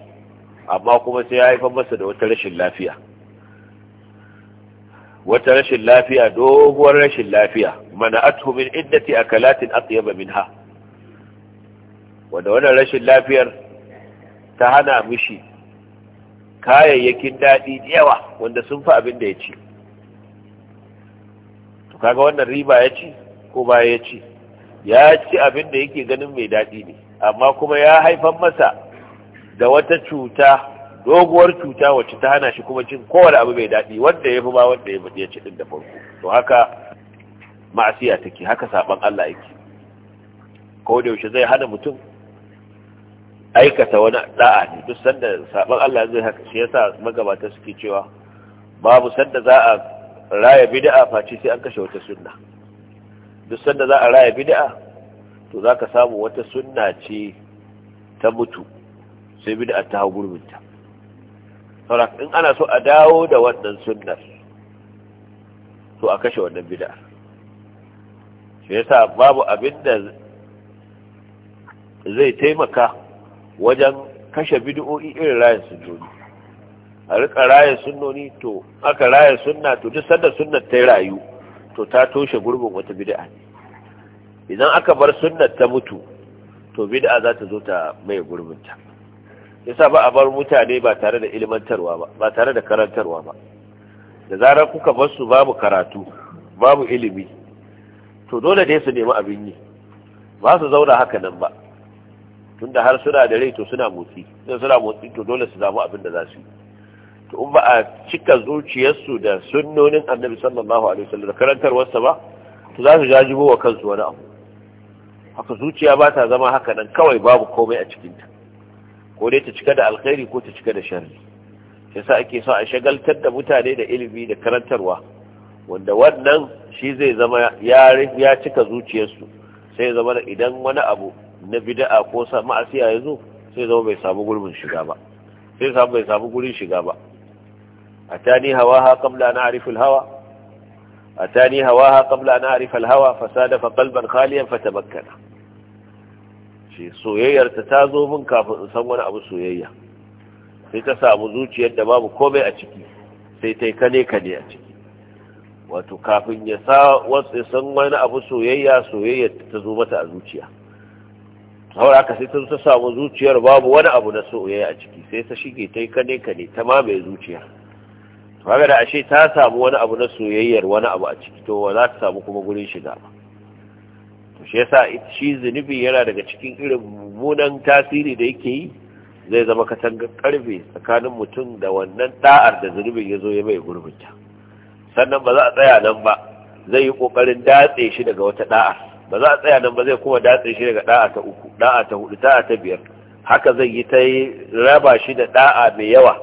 amma kuma sai ya haifar masa da wata rashin lafiya wata rashin lafiya doguwar rashin lafiya mana athu min iddati akalatin atyaba minha wanda wannan rashin lafiyar ta hana mishi kayayyakin daɗi yawa wanda sun fi abin da ya ci to kaga wannan riba ya ci ko ba ya ci ya ci abin da yake ganin mai daɗi ne amma kuma ya haifar masa da wata cuta doguwar cuta wacce ta hana shi kuma cin kowane abu mai daɗi wanda ya fi ba wanda ya ci ɗin da farko to haka ma'asiya take haka saban Allah yake ko da yaushe zai hana mutum aikata wani da'a ne duk sanda sabon Allah zai haka shi yasa magabata suke cewa babu sanda za a raya bid'a face sai an kashe wata sunna duk sanda za a raya bid'a to zaka samu wata sunna ce ta mutu sai bid'a ta hau gurbinta saboda in ana so a dawo da wannan sunnar to a kashe wannan bid'a shi yasa babu abinda zai taimaka wajen kashe bid'o'i irin raya sunnoni a rika raya sunnoni to aka raya sunna to duk sanda sunnar ta yi rayu to ta toshe gurbin wata bid'a ne idan aka bar sunnar ta mutu to bid'a za ta zo ta mai gurbinta yasa ba a bar mutane ba tare da ilmantarwa ba ba tare da karantarwa ba da zarar kuka bar su babu karatu babu ilimi to dole dai su nemi abin yi ba su zauna haka nan ba tunda har suna da rai to suna motsi idan suna motsi to dole su zamu abin da za su yi to in ba a cika zuciyarsu da sunnonin annabi sallallahu alaihi wasallam da karantarwarsa ba to za su jajibo wa kansu wani abu haka zuciya ba ta zama haka nan kawai babu komai a cikinta ko dai ta cika da alkhairi ko ta cika da sharri yasa ake so a shagaltar da mutane da ilimi da karantarwa wanda wannan shi zai zama ya cika zuciyarsu sai zama idan wani abu na bida'a ko ma'asiya ya zo sai zama bai samu gurbin shiga ba sai samu bai samu gurin shiga ba tani hawa ha kamla na arifin hawa tani hawa ha kamla na arifin hawa fasada fa qalban khaliyan fatamakkana shi soyayyar ta zo min kafin in san wani abu soyayya sai ta samu zuciyar da babu komai a ciki sai ta yi kane kane a ciki wato kafin ya sa wasu san wani abu soyayya soyayya ta zo mata a zuciya saboda aka sai ta samu zuciyar babu wani abu na soyayya a ciki sai ta shige ta yi kane kane ta mamaye zuciya kaga da ashe ta samu wani abu na soyayyar wani abu a ciki to za ta samu kuma gurin shiga ba to shi yasa shi zunubi yana daga cikin irin mummunan tasiri da yake yi zai zama katanga karfe tsakanin mutum da wannan da'ar da zunubin ya zo ya mai gurbinta sannan ba za a tsaya nan ba zai yi kokarin datse shi daga wata da'ar ba za a tsaya nan ba zai kuma datse shi daga da'a ta uku da'a ta hudu da'a ta biyar haka zai yi ta raba shi da da'a mai yawa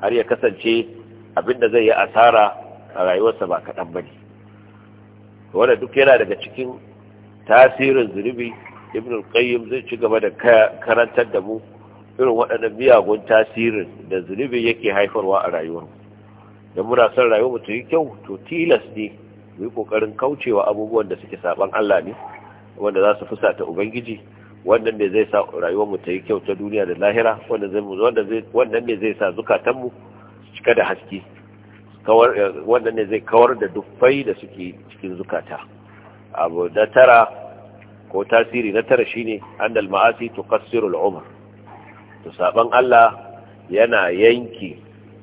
har ya kasance abinda zai yi asara a rayuwarsa ba kaɗan ba ne wanda duk yana daga cikin tasirin zunubi ibn al-qayyim zai ci gaba da karantar da mu irin waɗannan miyagun tasirin da zunubi yake haifarwa a rayuwar mu. da muna son rayuwar mu ta kyau to tilas ne mu yi kokarin kaucewa abubuwan da suke saban Allah ne wanda za su fusata ubangiji wannan ne zai sa rayuwar mu ta yi kyau ta duniya da lahira wannan zai ne zai sa zukatan mu cika da haske kawar wannan ne zai kawar da dufai da suke cikin zukata abu da tara ko tasiri na tara shine annal ma'asi tuqassiru al to saban Allah yana yanki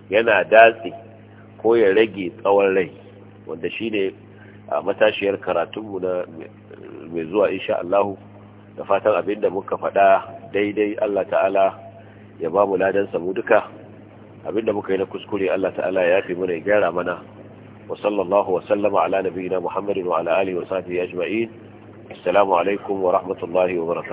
yana datse, ko ya rage tsawon rai wanda shine a matashiyar karatunmu na mai zuwa insha Allahu da fatan abin da muka faɗa daidai Allah ta'ala ya ba mu ladan samu duka abin da muka yi na kuskure Allah ta'ala ya fi mana ya gyara mana wa sallallahu wa sallama ala nabiyina Muhammadin wa ala alihi wa sahbihi ajma'in assalamu alaikum wa rahmatullahi wa barakatuh